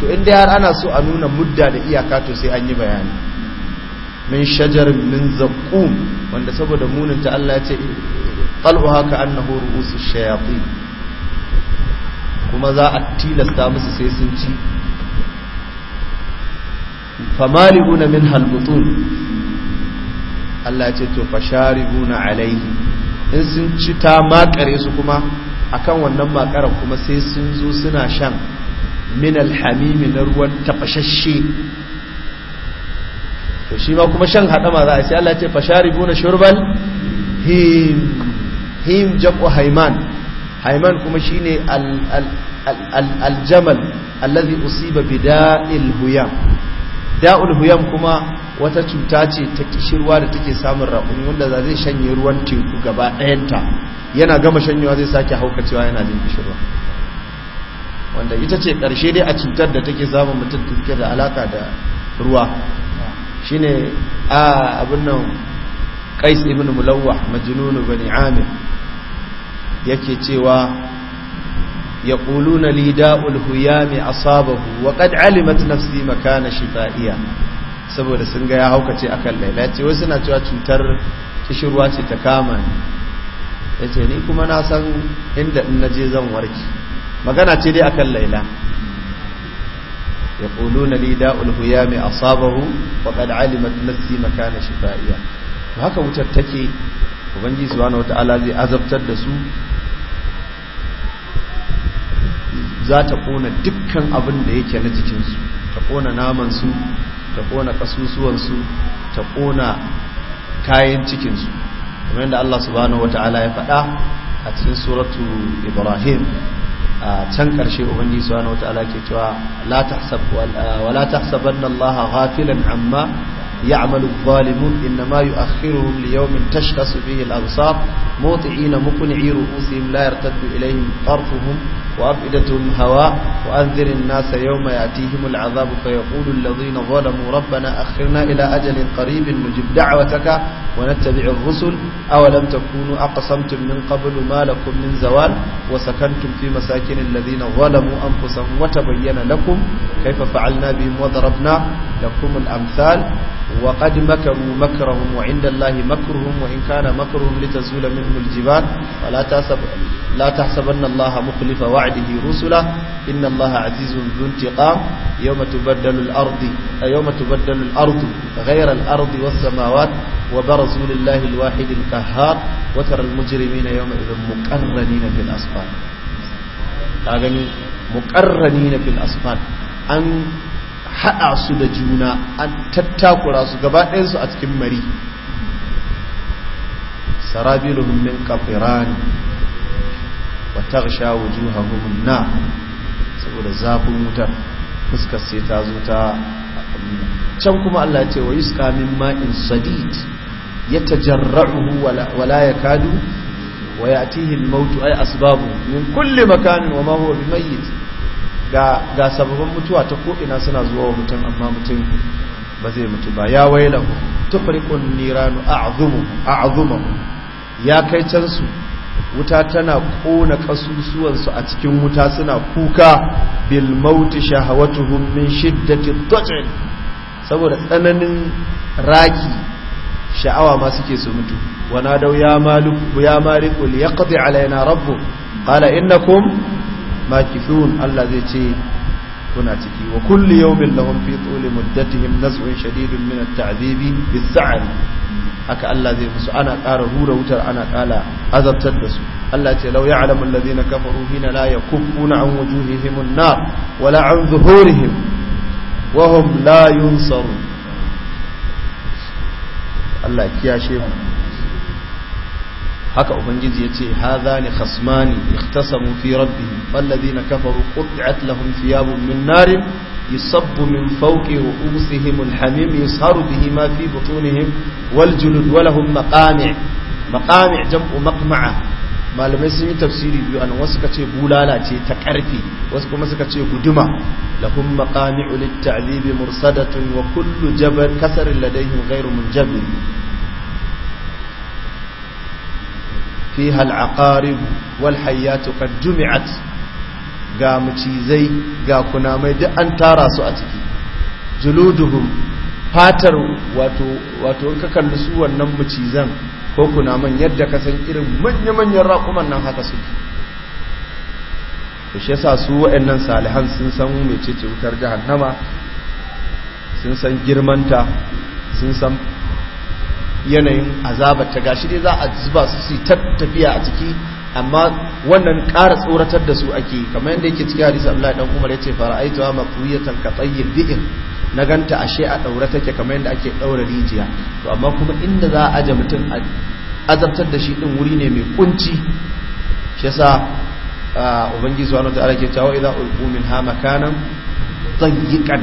to inda yara ana so a nuna mudda da iyaka to sai an yi bayani min shajarin min zaqqum wanda saboda munin ta Allah ya ce an na annahu ru'usu shayafi kuma za a tilasta musu sai sun ci famali'una min halbutun Allah ce to fasharibuna alaihi in sun ci ta makare su kuma akan wannan makaran kuma sai sun zo suna shan min alhamimi na ruwan tafashashe to shi ma kuma shan hadama za a sai Allah ce fasharibuna shurbal him him jam'u haiman haiman kuma shi ne al al aljamal allazi usiba bida'il huyam da'ul huyam kuma wata cuta ce ta kishirwa da take samun raƙumi wanda za zai shanye ruwan teku gaba ɗayanta yana gama shanyewa zai sake haukacewa yana jin kishirwa wanda ita ce ƙarshe dai a cutar da take samun mutum take da alaka da ruwa shine a abin nan ibn mulawwa majnun bani amir yake cewa يقولون لي داء الهيام أصابه وقد علمت نفسي مكان شفائيا saboda sun ga ya haukace akan laila ce wai suna cewa cutar kishirwa ce ta kama ni yace ni kuma na san inda in je zan warke magana ce dai akan laila yaquluna li da'ul huyami asabahu wa qad alimat nafsi makana haka wutar take ubangiji subhanahu zai azabtar da su za ta kona dukkan abin da yake na jikinsu ta kona namansu ta kona kasusuwansu ta kona kayan cikinsu kamar yadda Allah subhanahu Ta'ala ya faɗa a cikin suratu Ibrahim a can ƙarshe ubangi subhanahu Ta'ala ke cewa la tahsabanna Allah ghafilan amma يعمل الظالمون إنما يؤخرهم ليوم تشخص فيه الأبصار موطعين مقنعي رؤوسهم لا يرتد إليهم طرفهم وأفئدتهم هواء وأنذر الناس يوم يأتيهم العذاب فيقول الذين ظلموا ربنا أخرنا إلى أجل قريب نجب دعوتك ونتبع الرسل أولم تكونوا أقسمتم من قبل ما لكم من زوال وسكنتم في مساكن الذين ظلموا أنفسهم وتبين لكم كيف فعلنا بهم وضربنا لكم الأمثال وقد مكروا مكرهم وعند الله مكرهم وإن كان مكرهم لتزول منهم الجبال ولا تحسب لا تحسبن الله مخلف وعده رسله إن الله عزيز ذو انتقام يوم تبدل الأرض يوم تبدل الأرض غير الأرض والسماوات وبرزوا لله الواحد القهار وترى المجرمين يومئذ مقرنين في الأصفاد أغني مقرنين في الأصفاد أن haɗa su da juna an tattakura su gaba ɗayansu a cikin mari sarabilun min qafiran wa taghsha wujuhahum na saboda zafin wutar fuskar sai ta zo ta can kuma Allah ce wa iska min ma'in sadid yatajarra'uhu wala ya kadu wa ya'tihi tihin mautu ai asbabu min kulle makanin wa ma huwa ga sababin mutuwa ta ko'ina suna zuwa mutum amma mutum ba zai mutu ba ya waila tufriqun niranu a azuma ya kai can su wuta tana kona kasusuwansu a cikin wuta suna kuka bil mauti shahawatuhum shiddati dhajl saboda tsananin raki sha'awa ma suke su mutu wana dau ya maliku ya maliku liyaqdi alaina rabbu qala innakum makithun Allah zai ce kuna ciki wa kulli yawmin lahum fi tuli muddatihim naz'un shadidun min at-ta'dhibi bis haka Allah zai musu ana ƙara hura wutar ana ƙala azabtar da su Allah ce law ya'lamu alladhina kafaru hina la yakuffuna an wujuhihim an-nar wala an zuhurihim wa hum la yunsarun Allah kiyashe mu haka ubangiji ya ce haza ne khasmani ikhtasamu fi rabbihim na kafaru qut'at lahun thiyabun min narin yusabbu min fawqi ru'usihim alhamim yusharu bihi ma fi butunihim wal julud wa lahum maqami' maqami' jam'u maqma'a malamai sun yi tafsiri biyu an wasu suka ce bulala ce ta karfi wasu kuma suka ce guduma lahun maqami'u lit-ta'dhib mursadatun wa kullu jabal kasarin ladayhim ghayru munjabir fiha al'aqarib wal hayyatu qad jumi'at ga mucizai ga kunamai duk an tara su a ciki juluduhum fatar wato wato in ka kalli su wannan mucizan ko kunaman yadda ka san irin manya-manyan raƙuman nan haka suke to su waɗannan salihan sun san mecece wutar jahannama sun san girmanta sun san yanayin azabar ta gashi dai za a zuba su su tafiya a ciki amma wannan ƙara tsoratar da su ake kamar yadda yake cikin hadisi Abdullahi dan Umar yace fara'aituha maqwiyatan ka tayyib bi'in na ganta ashe a daure take kamar yadda ake daura rijiya to amma kuma inda za a aje mutum a azabtar da shi din wuri ne mai kunci shi yasa ah, ubangiji subhanahu wa ta'ala ke cewa idza ulqu ha makanan tayyiqan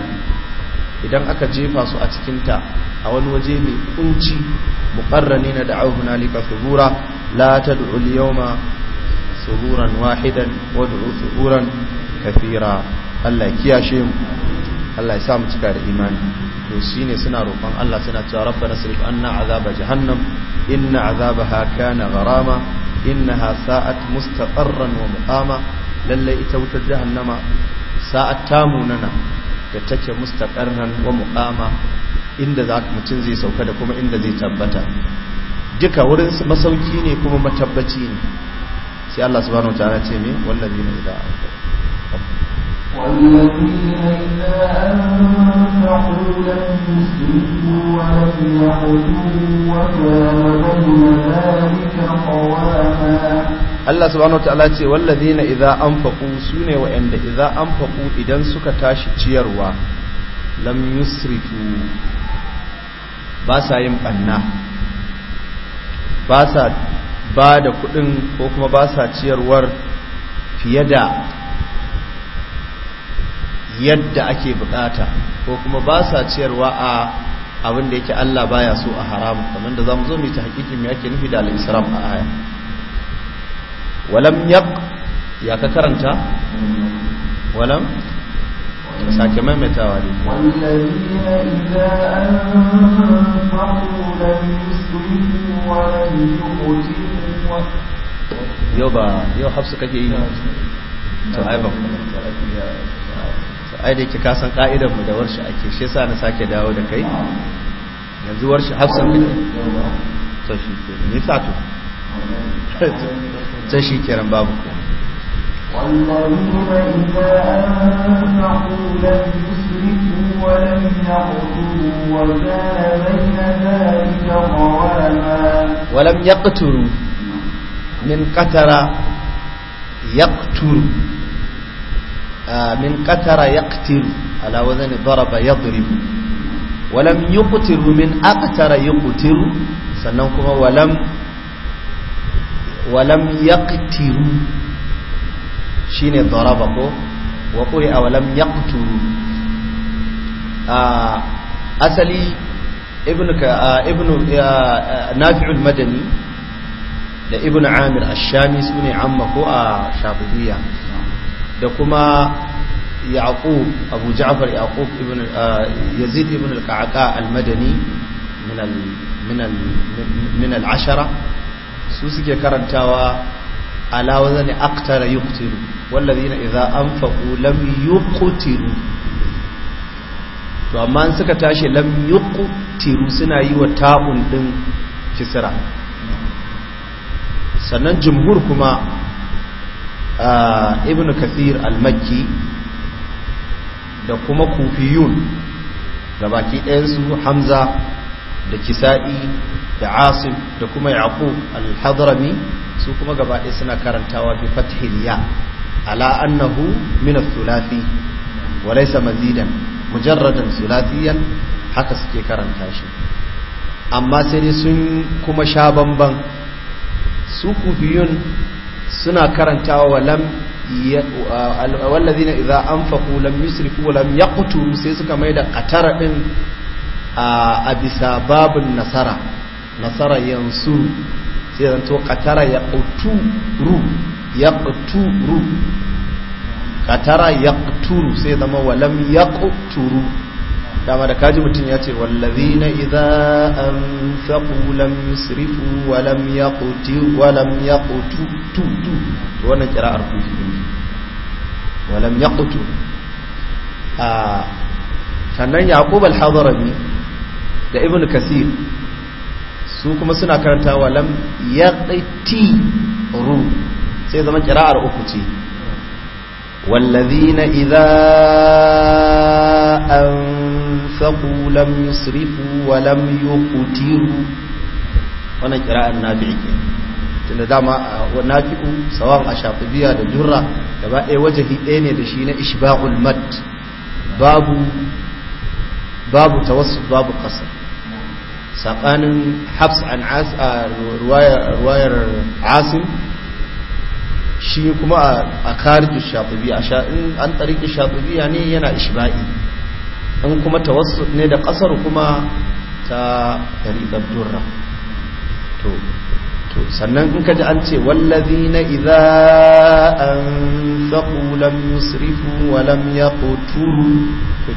idan aka jefa su a cikinta a wani waje mai kunci muqarrani na da'aw hunalika subura la tad'u al-yawma suburan wahidan wad'u suburan kafira. Allah ya kiyashe mu Allah ya sa mu cika da imani to shine suna roƙon Allah suna cewa rabbana sirif anna azaba jahannam inna azabaha kana gharama innaha sa'at mustaqarran wa muqama lalle ita wutar jahannama sa'at tamunana da take mustaqarran wa muqama inda za mutum zai sauka da kuma inda zai tabbata duka wurin masauki ne kuma matabbaci ne sai Allah subhanahu wataala ce me wallahi ne da والذين إذا أنفقوا Allah subhanahu ta'ala ce wallazina idza anfaqu sune wa'anda idza anfaqu idan suka tashi ciyarwa lam yusrifu ba sa yin banna ba sa ba da kudin ko kuma ba sa ciyarwar fiye da yadda ake bukata ko kuma ba sa ciyarwa a abin da yake Allah baya so a haramu kamar da zamu zo mu ta hakiki me ake nufi da al a aya walam yaq ya ka karanta walam sake maimaitawa ne wa lam yau ba yau hafsu kake yi to ai ai da yake kasan san mu da warshi ake shi na sake dawo da kai yanzu warshi hafsan to shi ne sa to (laughs) sai shi kiran babu ku wallahu ma idha anahu lan min qatara yaqtir ala wazni daraba yadrib wa lam yuqtir min aqtara yuqtir sannan kuma wa ولم يقتروا شين ضربه وقوه ولم يقتروا آه، أسلي آه، ابن, ابن آه، نافع المدني ابن عامر الشامس من عمه شابهية لكما يعقوب أبو جعفر يعقوب ابن يزيد ابن الكعكاء المدني من من من العشره su suke karantawa ala wazani aqtara na iza an anfaqu lam yuqtilu to amma suka tashi lam yuqtilu suna yi wa ta'un din kisra sannan jumhur kuma ibn kathir al-makki da kuma kufiyun da baki ɗayansu hamza da kisa'i da asim da kuma yaqub al-hadrami su kuma gaba ɗaya suna karantawa bi fathil ya ala annahu min ath-thulathi wa laysa mazidan mujarradan thulathiyan haka suke karanta shi amma sai dai sun kuma sha bamban su kufiyun suna karantawa wa lam wallazina idza anfaqu lam yusrifu wa lam yaqturu sai suka maida qatara din a bisa babun nasara nasara yansu sai zanto katara ya ƙuturu ya ƙuturu katara ya ƙuturu sai zama walam ya ƙuturu dama da kaji mutum ya ce wallazi na iza an faƙu lam yusrifu walam ya ƙutu walam ya ƙutu tutu to wannan kira arkuki ne walam ya ƙutu a ah, sannan yaƙub al-hadarami da ibn kasir su kuma suna karanta lam yaqti ru sai zama kira'ar uku ce wallazina idza anfaqu lam yusrifu wa lam yuqtiru wannan kira'ar nafi'i ke tunda dama nafi'u sawan a shafibiya da da ba ɗaya waje ɗaya ne da shi na ishba'ul mad babu babu tawassuf babu qasr saɓanin hafs an ruwayar asim shi kuma a karijin shafibiya in an tsarikin shafibiya ne yana ishba'i in kuma wasu ne da ƙasar kuma ta ɗariƙar durra to sannan in ka ji an ce wallazi na iza an zaƙu lam yusrifu wa lam ya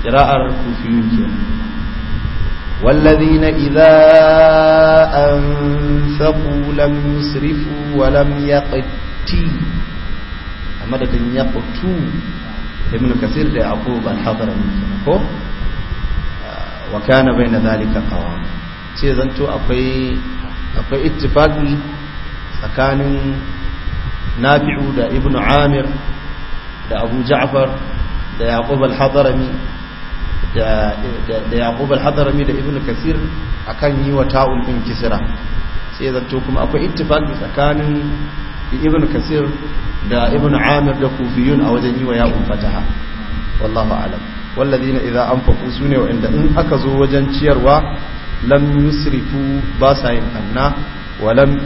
kira'ar kufiyun kenan والذين إذا أنفقوا لم يسرفوا ولم يقتي أمدة يقتوا ابن كثير ليعقوب الحضر منكم وكان بين ذلك قوام سيزنتو أقوي أقوي اتفاقي فكان نافع دا ابن عامر دا أبو جعفر da yaqub al-hadrami da yaqub al da ibnu kasir akan yi wa ta'ul kisira kisra sai zanto kuma akwai ittifaqi tsakanin ibnu kasir da ibnu amir da kufiyun a wajen yi wa ya'un fataha wallahu a'lam walladina an faku sune wa inda in aka zo wajen ciyarwa lam yusrifu ba sa yin anna wa lam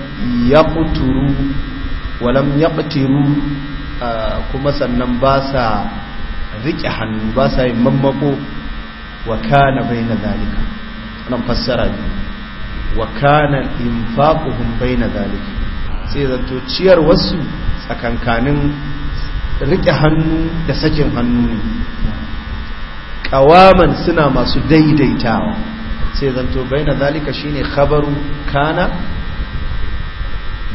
ah, kuma sannan ba sa riƙe hannu ba sa yin mammako wa bai na zalika nan fassara biyu wa kana bai na zalika sai zanto ciyar wasu tsakankanin riƙe hannu da sakin hannu ne kawaman suna masu daidaitawa sai zanto baina zalika shine khabaru kana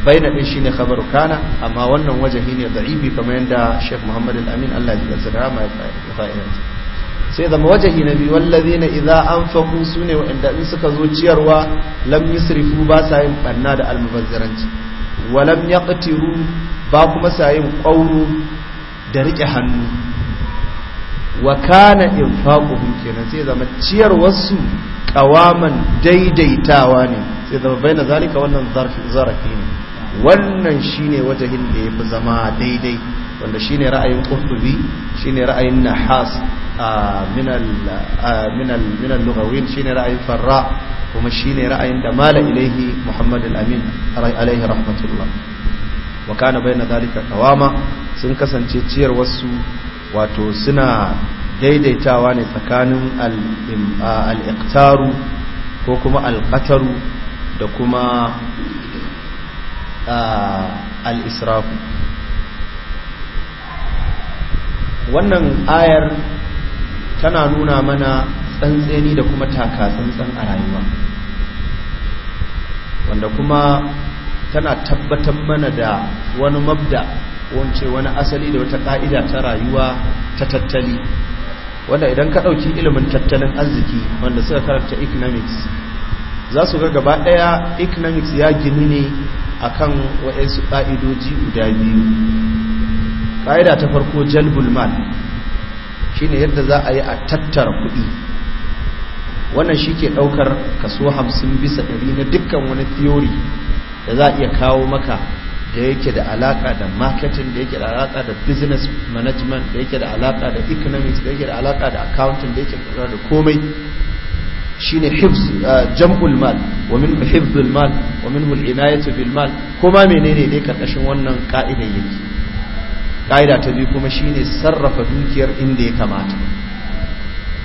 baina din shine khabaru kana amma wannan wajen ne da'ibi kamar yadda Sheikh Muhammad Al-Amin Allah ya tsara mai fa'ida sai zama wajahi na biyu wallazina idza anfaqu sune wanda in suka zo ciyarwa lam yusrifu ba sa yin banna da almubazzaranci walam yaqtiru ba kuma sa yin qawru da rike hannu wa kana infaquhum kenan sai zama ciyarwarsu qawaman daidaitawa ne sai zama baina zalika wannan zarfi zarafi ne wannan shine wajahin da yafi zama daidai wanda ne ra'ayin shi ne ra'ayin nahas min al min shi ne ra'ayin farra kuma ne ra'ayin da mala ilaihi muhammad al-amin alaihi rahmatullah wa kana bayna dhalika sun kasance ciyar wasu wato suna daidaitawa ne tsakanin al-iqtaru ko kuma al da kuma al-israfu wannan ayar tana nuna mana tsantseni da kuma tsantsan a rayuwa wanda kuma tana tabbatar mana da wani mabda wance wani asali da wata ka'ida ta rayuwa ta tattali wanda idan ka ɗauki ilimin tattalin arziki wanda suka karanta economics za su ga gaba ɗaya economics ya gini ne kan waɗansu ƙa'idoji guda biyu ƙa'ida ta farko jalbul mal ne yadda za a yi a tattara kuɗi wannan shi ke ɗaukar kaso hamsin bisa ɗari na dukkan wani theory da za a iya kawo maka da yake da alaƙa da marketing da yake da alaƙa da business management da yake da alaƙa da economics da yake da alaƙa da accounting da yake da komai shi ne eh, jam'ul mal wa min hifzul mal wa min al inayatu bil mal kuma menene dai karkashin wannan ka'idar yake ƙa'ida ta biyu kuma shine sarrafa dukiyar inda ya kamata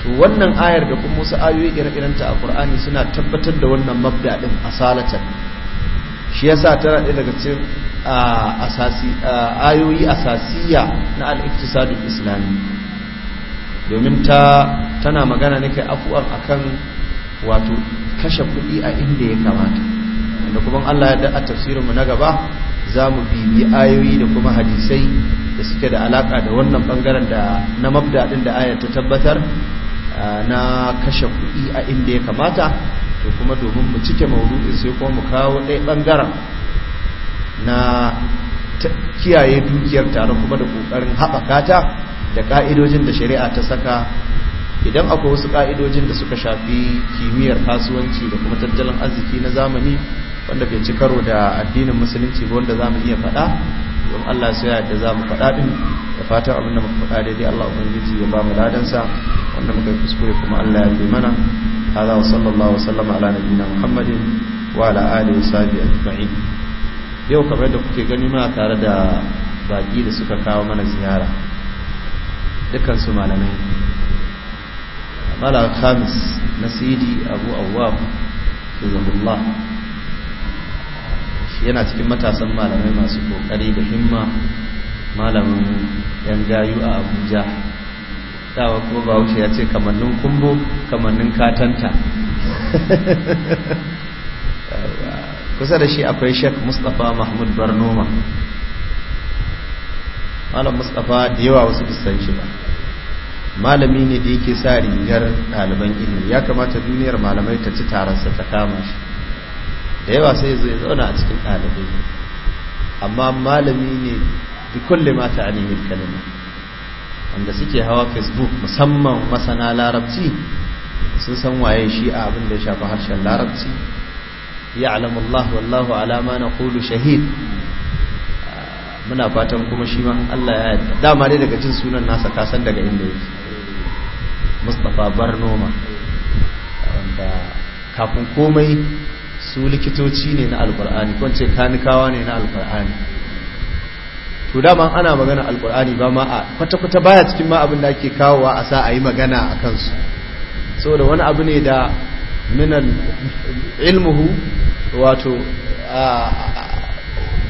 to wannan ayar da kuma wasu ayoyi ire-irenta a Qur'ani suna tabbatar da wannan mabda din asalatan shi yasa tana ɗaya daga cikin asasi ayoyi asasiya na al-iqtisadul islami domin ta tana magana ne kai afuwan akan wato kashe kuɗi a inda ya kamata da kuma Allah ya da a tafsirinmu na gaba za mu bibi ayoyi da kuma hadisai da suke da alaka da wannan bangaren da na mabda da ayar ta tabbatar na kashe kuɗi a inda ya kamata to kuma domin mu cike maudu'in sai kuma mu kawo ɗaya bangaren na kiyaye dukiyar tare kuma da ƙoƙarin haɓaka ta da ƙa'idojin da shari'a ta saka idan akwai wasu ƙa'idojin da suka shafi kimiyyar kasuwanci da kuma tattalin arziki na zamani wanda bai ci karo da addinin musulunci ba wanda za mu iya faɗa don Allah sai yadda za mu faɗa ɗin da fatan abin da muka faɗa daidai Allah ubangiji ya ba mu ladansa wanda muka yi kuskure kuma Allah ya fi mana hada wa sallallahu wasallama ala nabiyina muhammadin wa ala alihi wa sahbihi ajma'in yau kamar da kuke gani muna tare da baki da suka kawo mana ziyara dukkan su malamai malam khamis nasidi abu awwab zahullah yana cikin matasan malamai masu kokari da himma malamin yan gayu a abuja dawa kuma bahaushe ya ce kamannin kumbo kamannin katanta (laughs) kusa da shi akwai shek mustapha mahmud barnoma malam mustapha da yawa wasu bisan shi ba malami ne da yake sa rigar ɗaliban ilimi ya kamata duniyar malamai ta ci taronsa ta kama shi da yawa sai zai zauna a cikin ɗalibai amma malami ne bi kulle mata a nemin kalima wanda suke hawa facebook musamman masana larabci sun san waye shi a abin da ya shafi harshen larabci ya alamullah wallahu alama na kulu shahid muna fatan kuma shi ma Allah ya yarda dama dai daga jin sunan nasa ka san daga inda yake Mustapha Barnoma wanda kafin komai su likitoci ne na alkur'ani ko ce kanikawa ne na alkur'ani to dama ana magana alkur'ani ba ma a kwata-kwata baya cikin ma abin da ake kawowa a sa a yi magana a kansu saboda wani abu ne da minan ilmuhu wato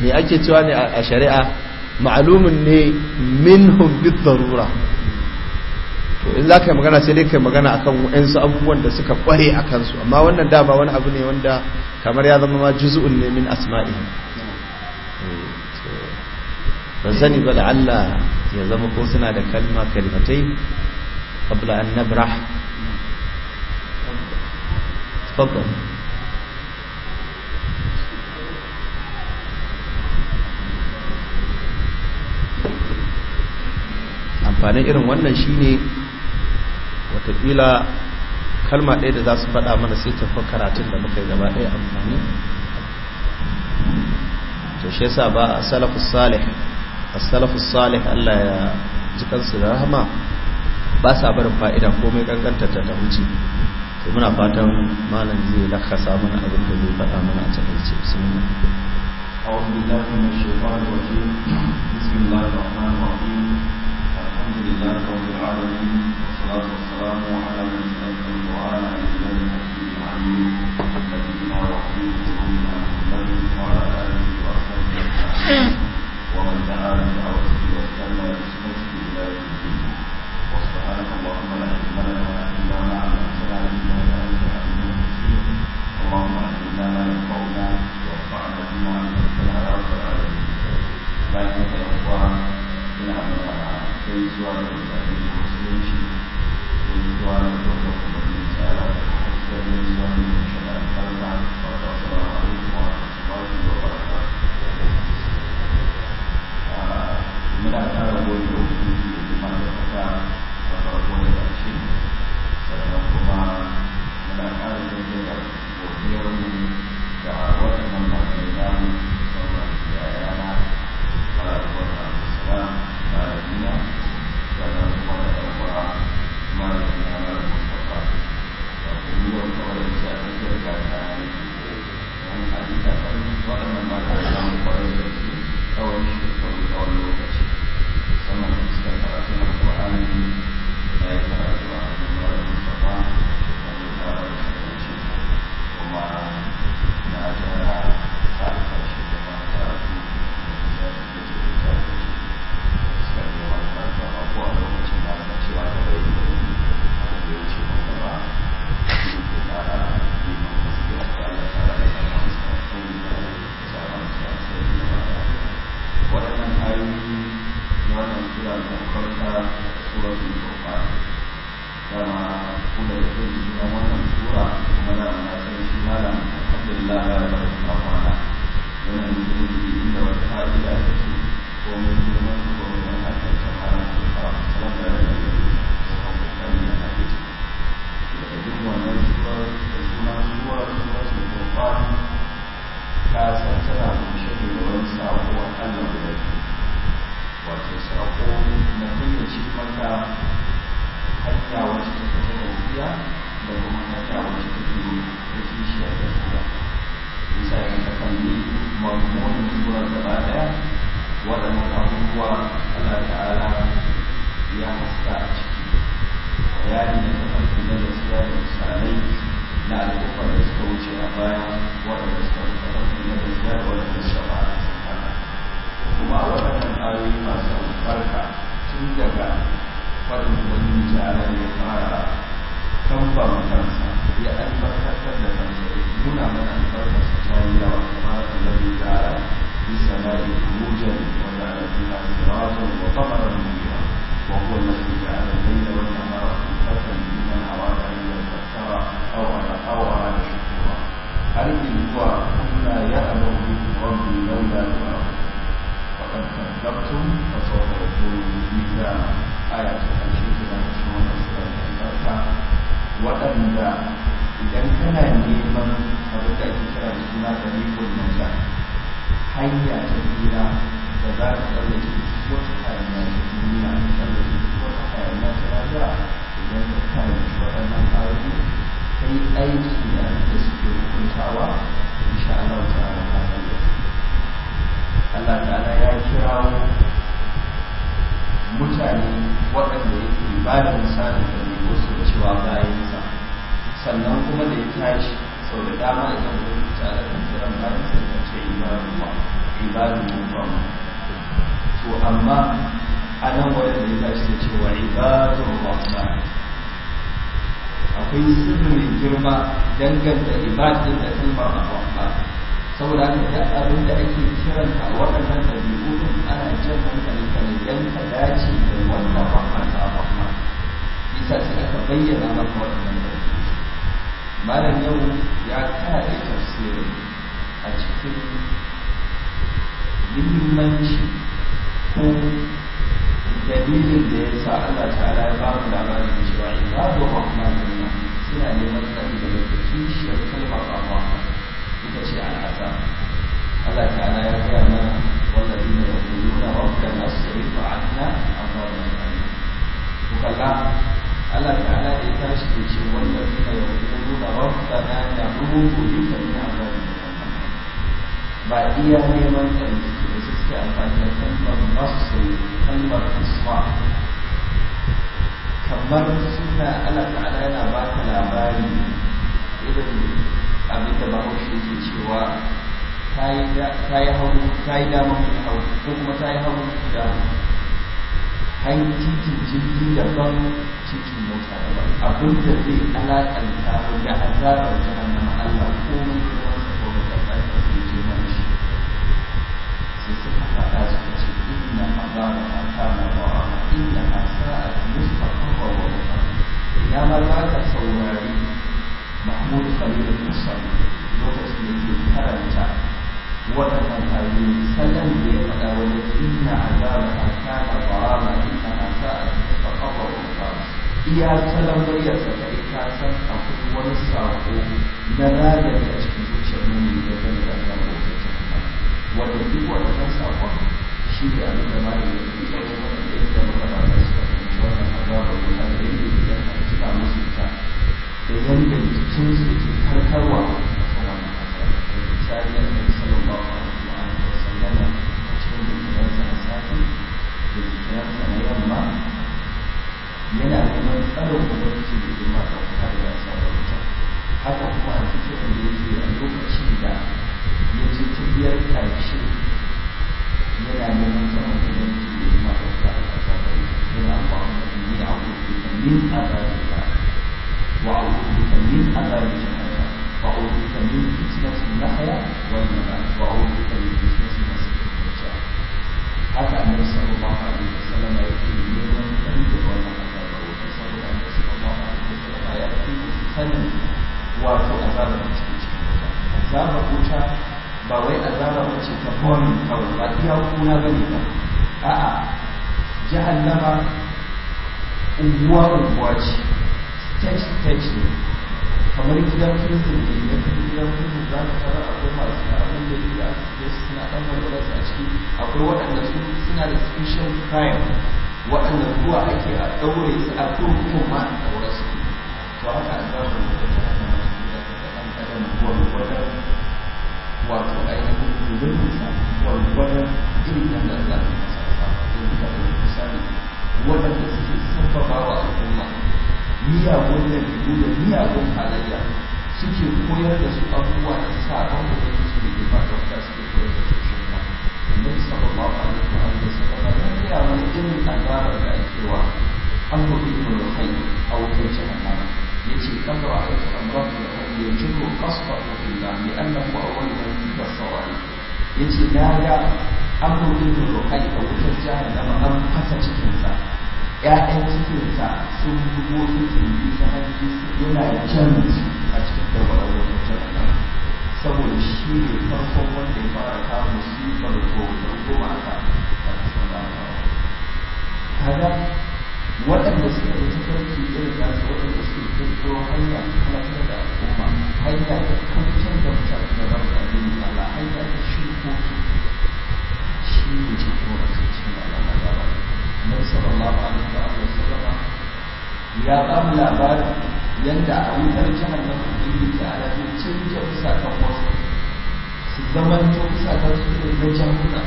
me ake cewa ne a shari'a ma'alumin ne minhum bid darura in za ka yi magana sai dai ka yi magana akan wa'ansu abubuwan da suka kware a kansu amma wannan dama wani abu ne wanda kamar ya zama ma juzu'un ne min asma'i eh, ban sani ba da Allah ya zama ko suna da kalma kalmatai qabla an nabra تفضل amfanin irin wannan shine watakila kalma ɗaya da za su faɗa mana sai ta fi karatun da muka yi gaba ɗaya amfani to shi yasa ba a salafus salih a salafus salih allah ya ji kansu da rahama ba sa barin fa'ida komai ƙanƙantar ta ta huce to muna fatan malam zai lakasa mana abin da zai faɗa mana a takaice bismillah أعوذ بالله من الشيطان الرجيم بسم الله الرحمن الرحيم الحمد لله رب العالمين والسلام علی آرام muhimmanci ko dalilin da ya sa Allah ta'ala ya ba mu labarin cewa ibadu rahmanin nan suna neman tsari daga kishiyar kalmar rahma ita ce al'aza Allah ya gaya da ya tashi da ce wanda yi nuna a ba iya neman da suke da kamar suna ala ta'ala ba ta labari irin abin da ke cewa ta yi ta yi dama ko kuma ta yi hagu da titin jirgi daban titin mota abin da zai alaƙanta da azabar jahannama Allah komai da suka faɗa ta ce inna hazara ma kana ba'a ya da ke karanta da ya da ita san akwai wani saƙo na ragari a cikin zuciyar mu ne da kan wanda duk wannan sakon shi ne abin da ma da yake tsaye wanda ya da maka ba ta suka fahimci wannan da yake da ya cika musu ita da yadda jikin su ke karkarwa a kan wannan azabar misali a kan sallallahu alaihi wa sallama a cikin dukkanansa a sati da dukkanansa na yamma yana neman tsarin ubangiji da girma ɗaukaka da ya sa da wuta haka kuma a cikin da yake biyar ƙarshe yana neman sama da yanki da kuma ɗauka a ƙasa da yana ba mu da ni a wuce da min azabi ba wa a wuce da min azabi jahannama wa a wuce da min fitnatin nahaya wa naba wa a wuce da min fitnatin nasiya haka annabi sallallahu alaihi wasallam ya ce neman kan da wannan azaba wata saboda annabi sallallahu alaihi wasallam ya ce sanin wato azabar da take cikin wuta azabar wuta ba wai azaba ba ce ta fomin kawai ba iya kuna ba ne ba a'a jahannama unguwa unguwa ce stage stage ne kamar gidan da ne fi gidan prison za ka tara akwai masu abin da ya ke suna ɗan walwala a ciki akwai waɗanda su suna da special crime waɗanda zuwa ake a ɗaure su a kurkukun ma a ɗaure su to haka da ta hana da wato ainihin dubin nisa gwargwadon irin yadda za da sarrafa misali waɗanda suke wa al'umma miyagun da da miyagun halayya suke koyar da su abubuwa da sabon da zai su ne ba da wata suke koyar da su shi ba inda su saba ba a yi kuma da su ba da ya wani irin azabar da ake wa an mutu ibn al-hayy a wajen jahannama yace kan da wa aiki amratu da يجر قصده بالله لأنه أول من يجيب الصواريخ يجي لا يا أمر ابن الرقي أو الشجاع لما أم قسى cikinsa ‘ya'yan cikinsa sun dubo cikin biyu ta hanyar yana jan a cikin dabarar wajen saboda shi ne farkon wanda ya fara kawo musibar gobe gumaka a cikin larabawa kaga waɗanda suka yi tafarki irin nasu waɗanda suke kirkiro hanya ta hanya ta kuncin da mutane da ba su yi ala hanya da shi ko shi ne cikin wasu cikin alama da ba nan ya ba mu labari yadda a wutar jihar na kudin ta ala canja wasu su zama to fusakan su ne na jahuna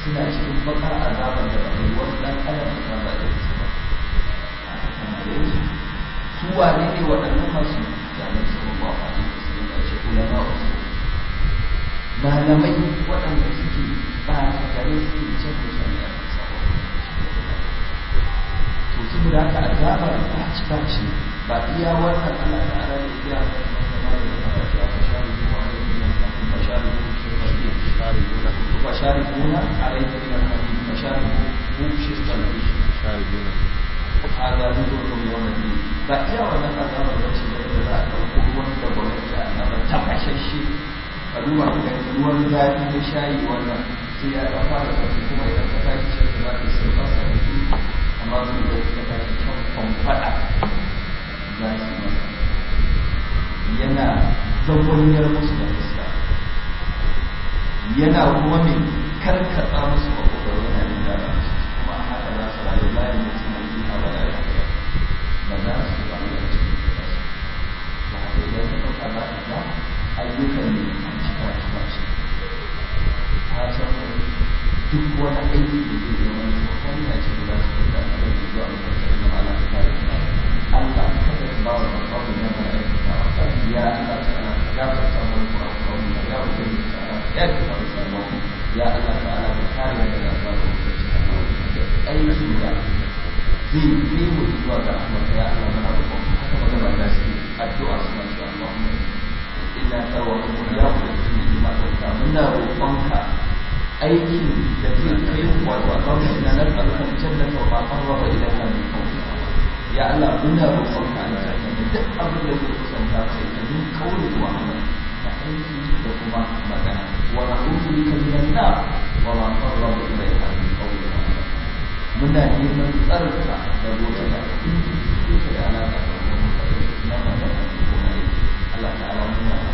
suna cikin bakar azabar da rayuwar dan adam da ba da su ba su wane ne waɗannan masu zalunci الله عليه وسلم أشهد علماء malamai waɗanda suke ba a tare suke can da shari'a to saboda haka azabar ta cika ce ba iya wannan Allah ta ara ne ya فشاربون عليه من الحديد فشاربوا شرب الحديد هذا نذركم يوم الدين بقي ولا أذان الرسول da za a ɗauko wani da gwamnati annaba tafashashe a duba da ruwan zafi na shayi wannan sai ya ɗan fara zafi kuma idan ka tashi shan za ka sai ba sa da su amma sun da ka tashi can kwamfada za su masa yana zagwanyar musu da fuska yana kuma mai karkatsa musu makogaro na yin dama kuma a haka za su rayu bayan mutum mai yi a wadar ba za su kaza kaza ayyukan ne an wani da da a kan zuwa mutane na kada ka ba wa sabon nan da ya Allah ta ala ya ta samu Qur'an ya kare daga sabon da zai ya Allah mana roƙon haka da إنك وإياه فيما تتمنى رفقك أيدي لذيذ وتقربنا نسألك الجنة وما قرب إليها من قولها يا الله منا رفقك أن تجنة أبدا لتسنتك من قول وعمل فأيدي لكما مكانا ونعوذ بك من النار وما قرب إليها من قولها منا نيمن أرسل لبوك لك إن تشرك على أنك الله تعالى منا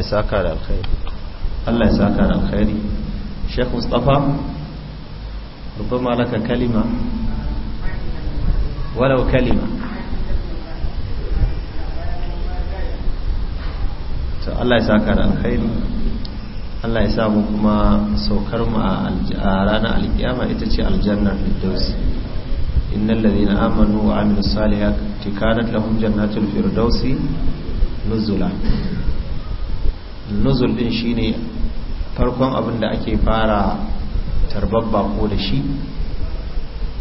Allah ya saka da alkhairi Allah ya saka da alkhairi Sheikh Mustafa Allah ya saka da alkhairi Allah ya kuma saukar mu a ranar alkiyama ita ce aljannar firdaus innal ladhina amanu wa amilus salihati kanat lahum jannatul firdausi nuzula nuzul din shine farkon abin da ake fara tarbabba ko da shi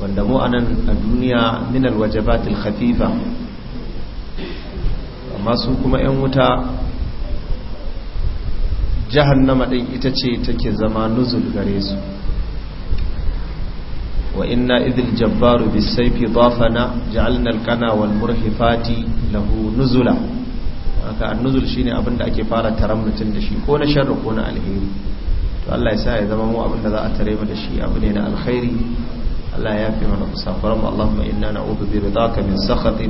wanda mu anan a duniya minal wajabatil khafifa amma su kuma 'yan wuta jahannama din ita ce take zama nuzul gare su wa inna idil jabbaru bisaifi dafana ja'alna alqana wal murhifati lahu nuzula haka annuzul shine abin da ake fara taron mutum da shi ko na sharri ko na alheri to Allah ya sa ya zama mu abin da za a tare mu da shi abu ne na alheri. Allah ya yafe mana kusafaran Allahumma inna na'udhu bi ridaka min sakhatik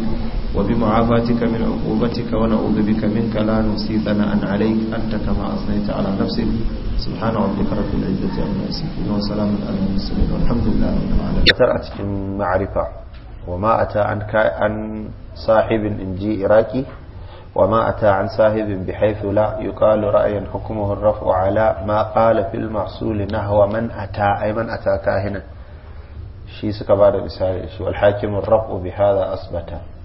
wa bi mu'afatika min 'uqubatika wa na'udhu bika minka la nusitana an 'alayk anta kama asnaita 'ala nafsi. subhana rabbika rabbil izzati amma yasifun wa salamun 'alal mursalin walhamdulillahi rabbil alamin tar a cikin ma'rifa wa ma ata an ka an sahibin iraki وما أتى عن ساهب بحيث لا يقال رأيا حكمه الرفع على ما قال في المعصول نهو من أتى أي من أتى كاهنا شيء سكبار الإسرائيل والحاكم الرفع بهذا أصبت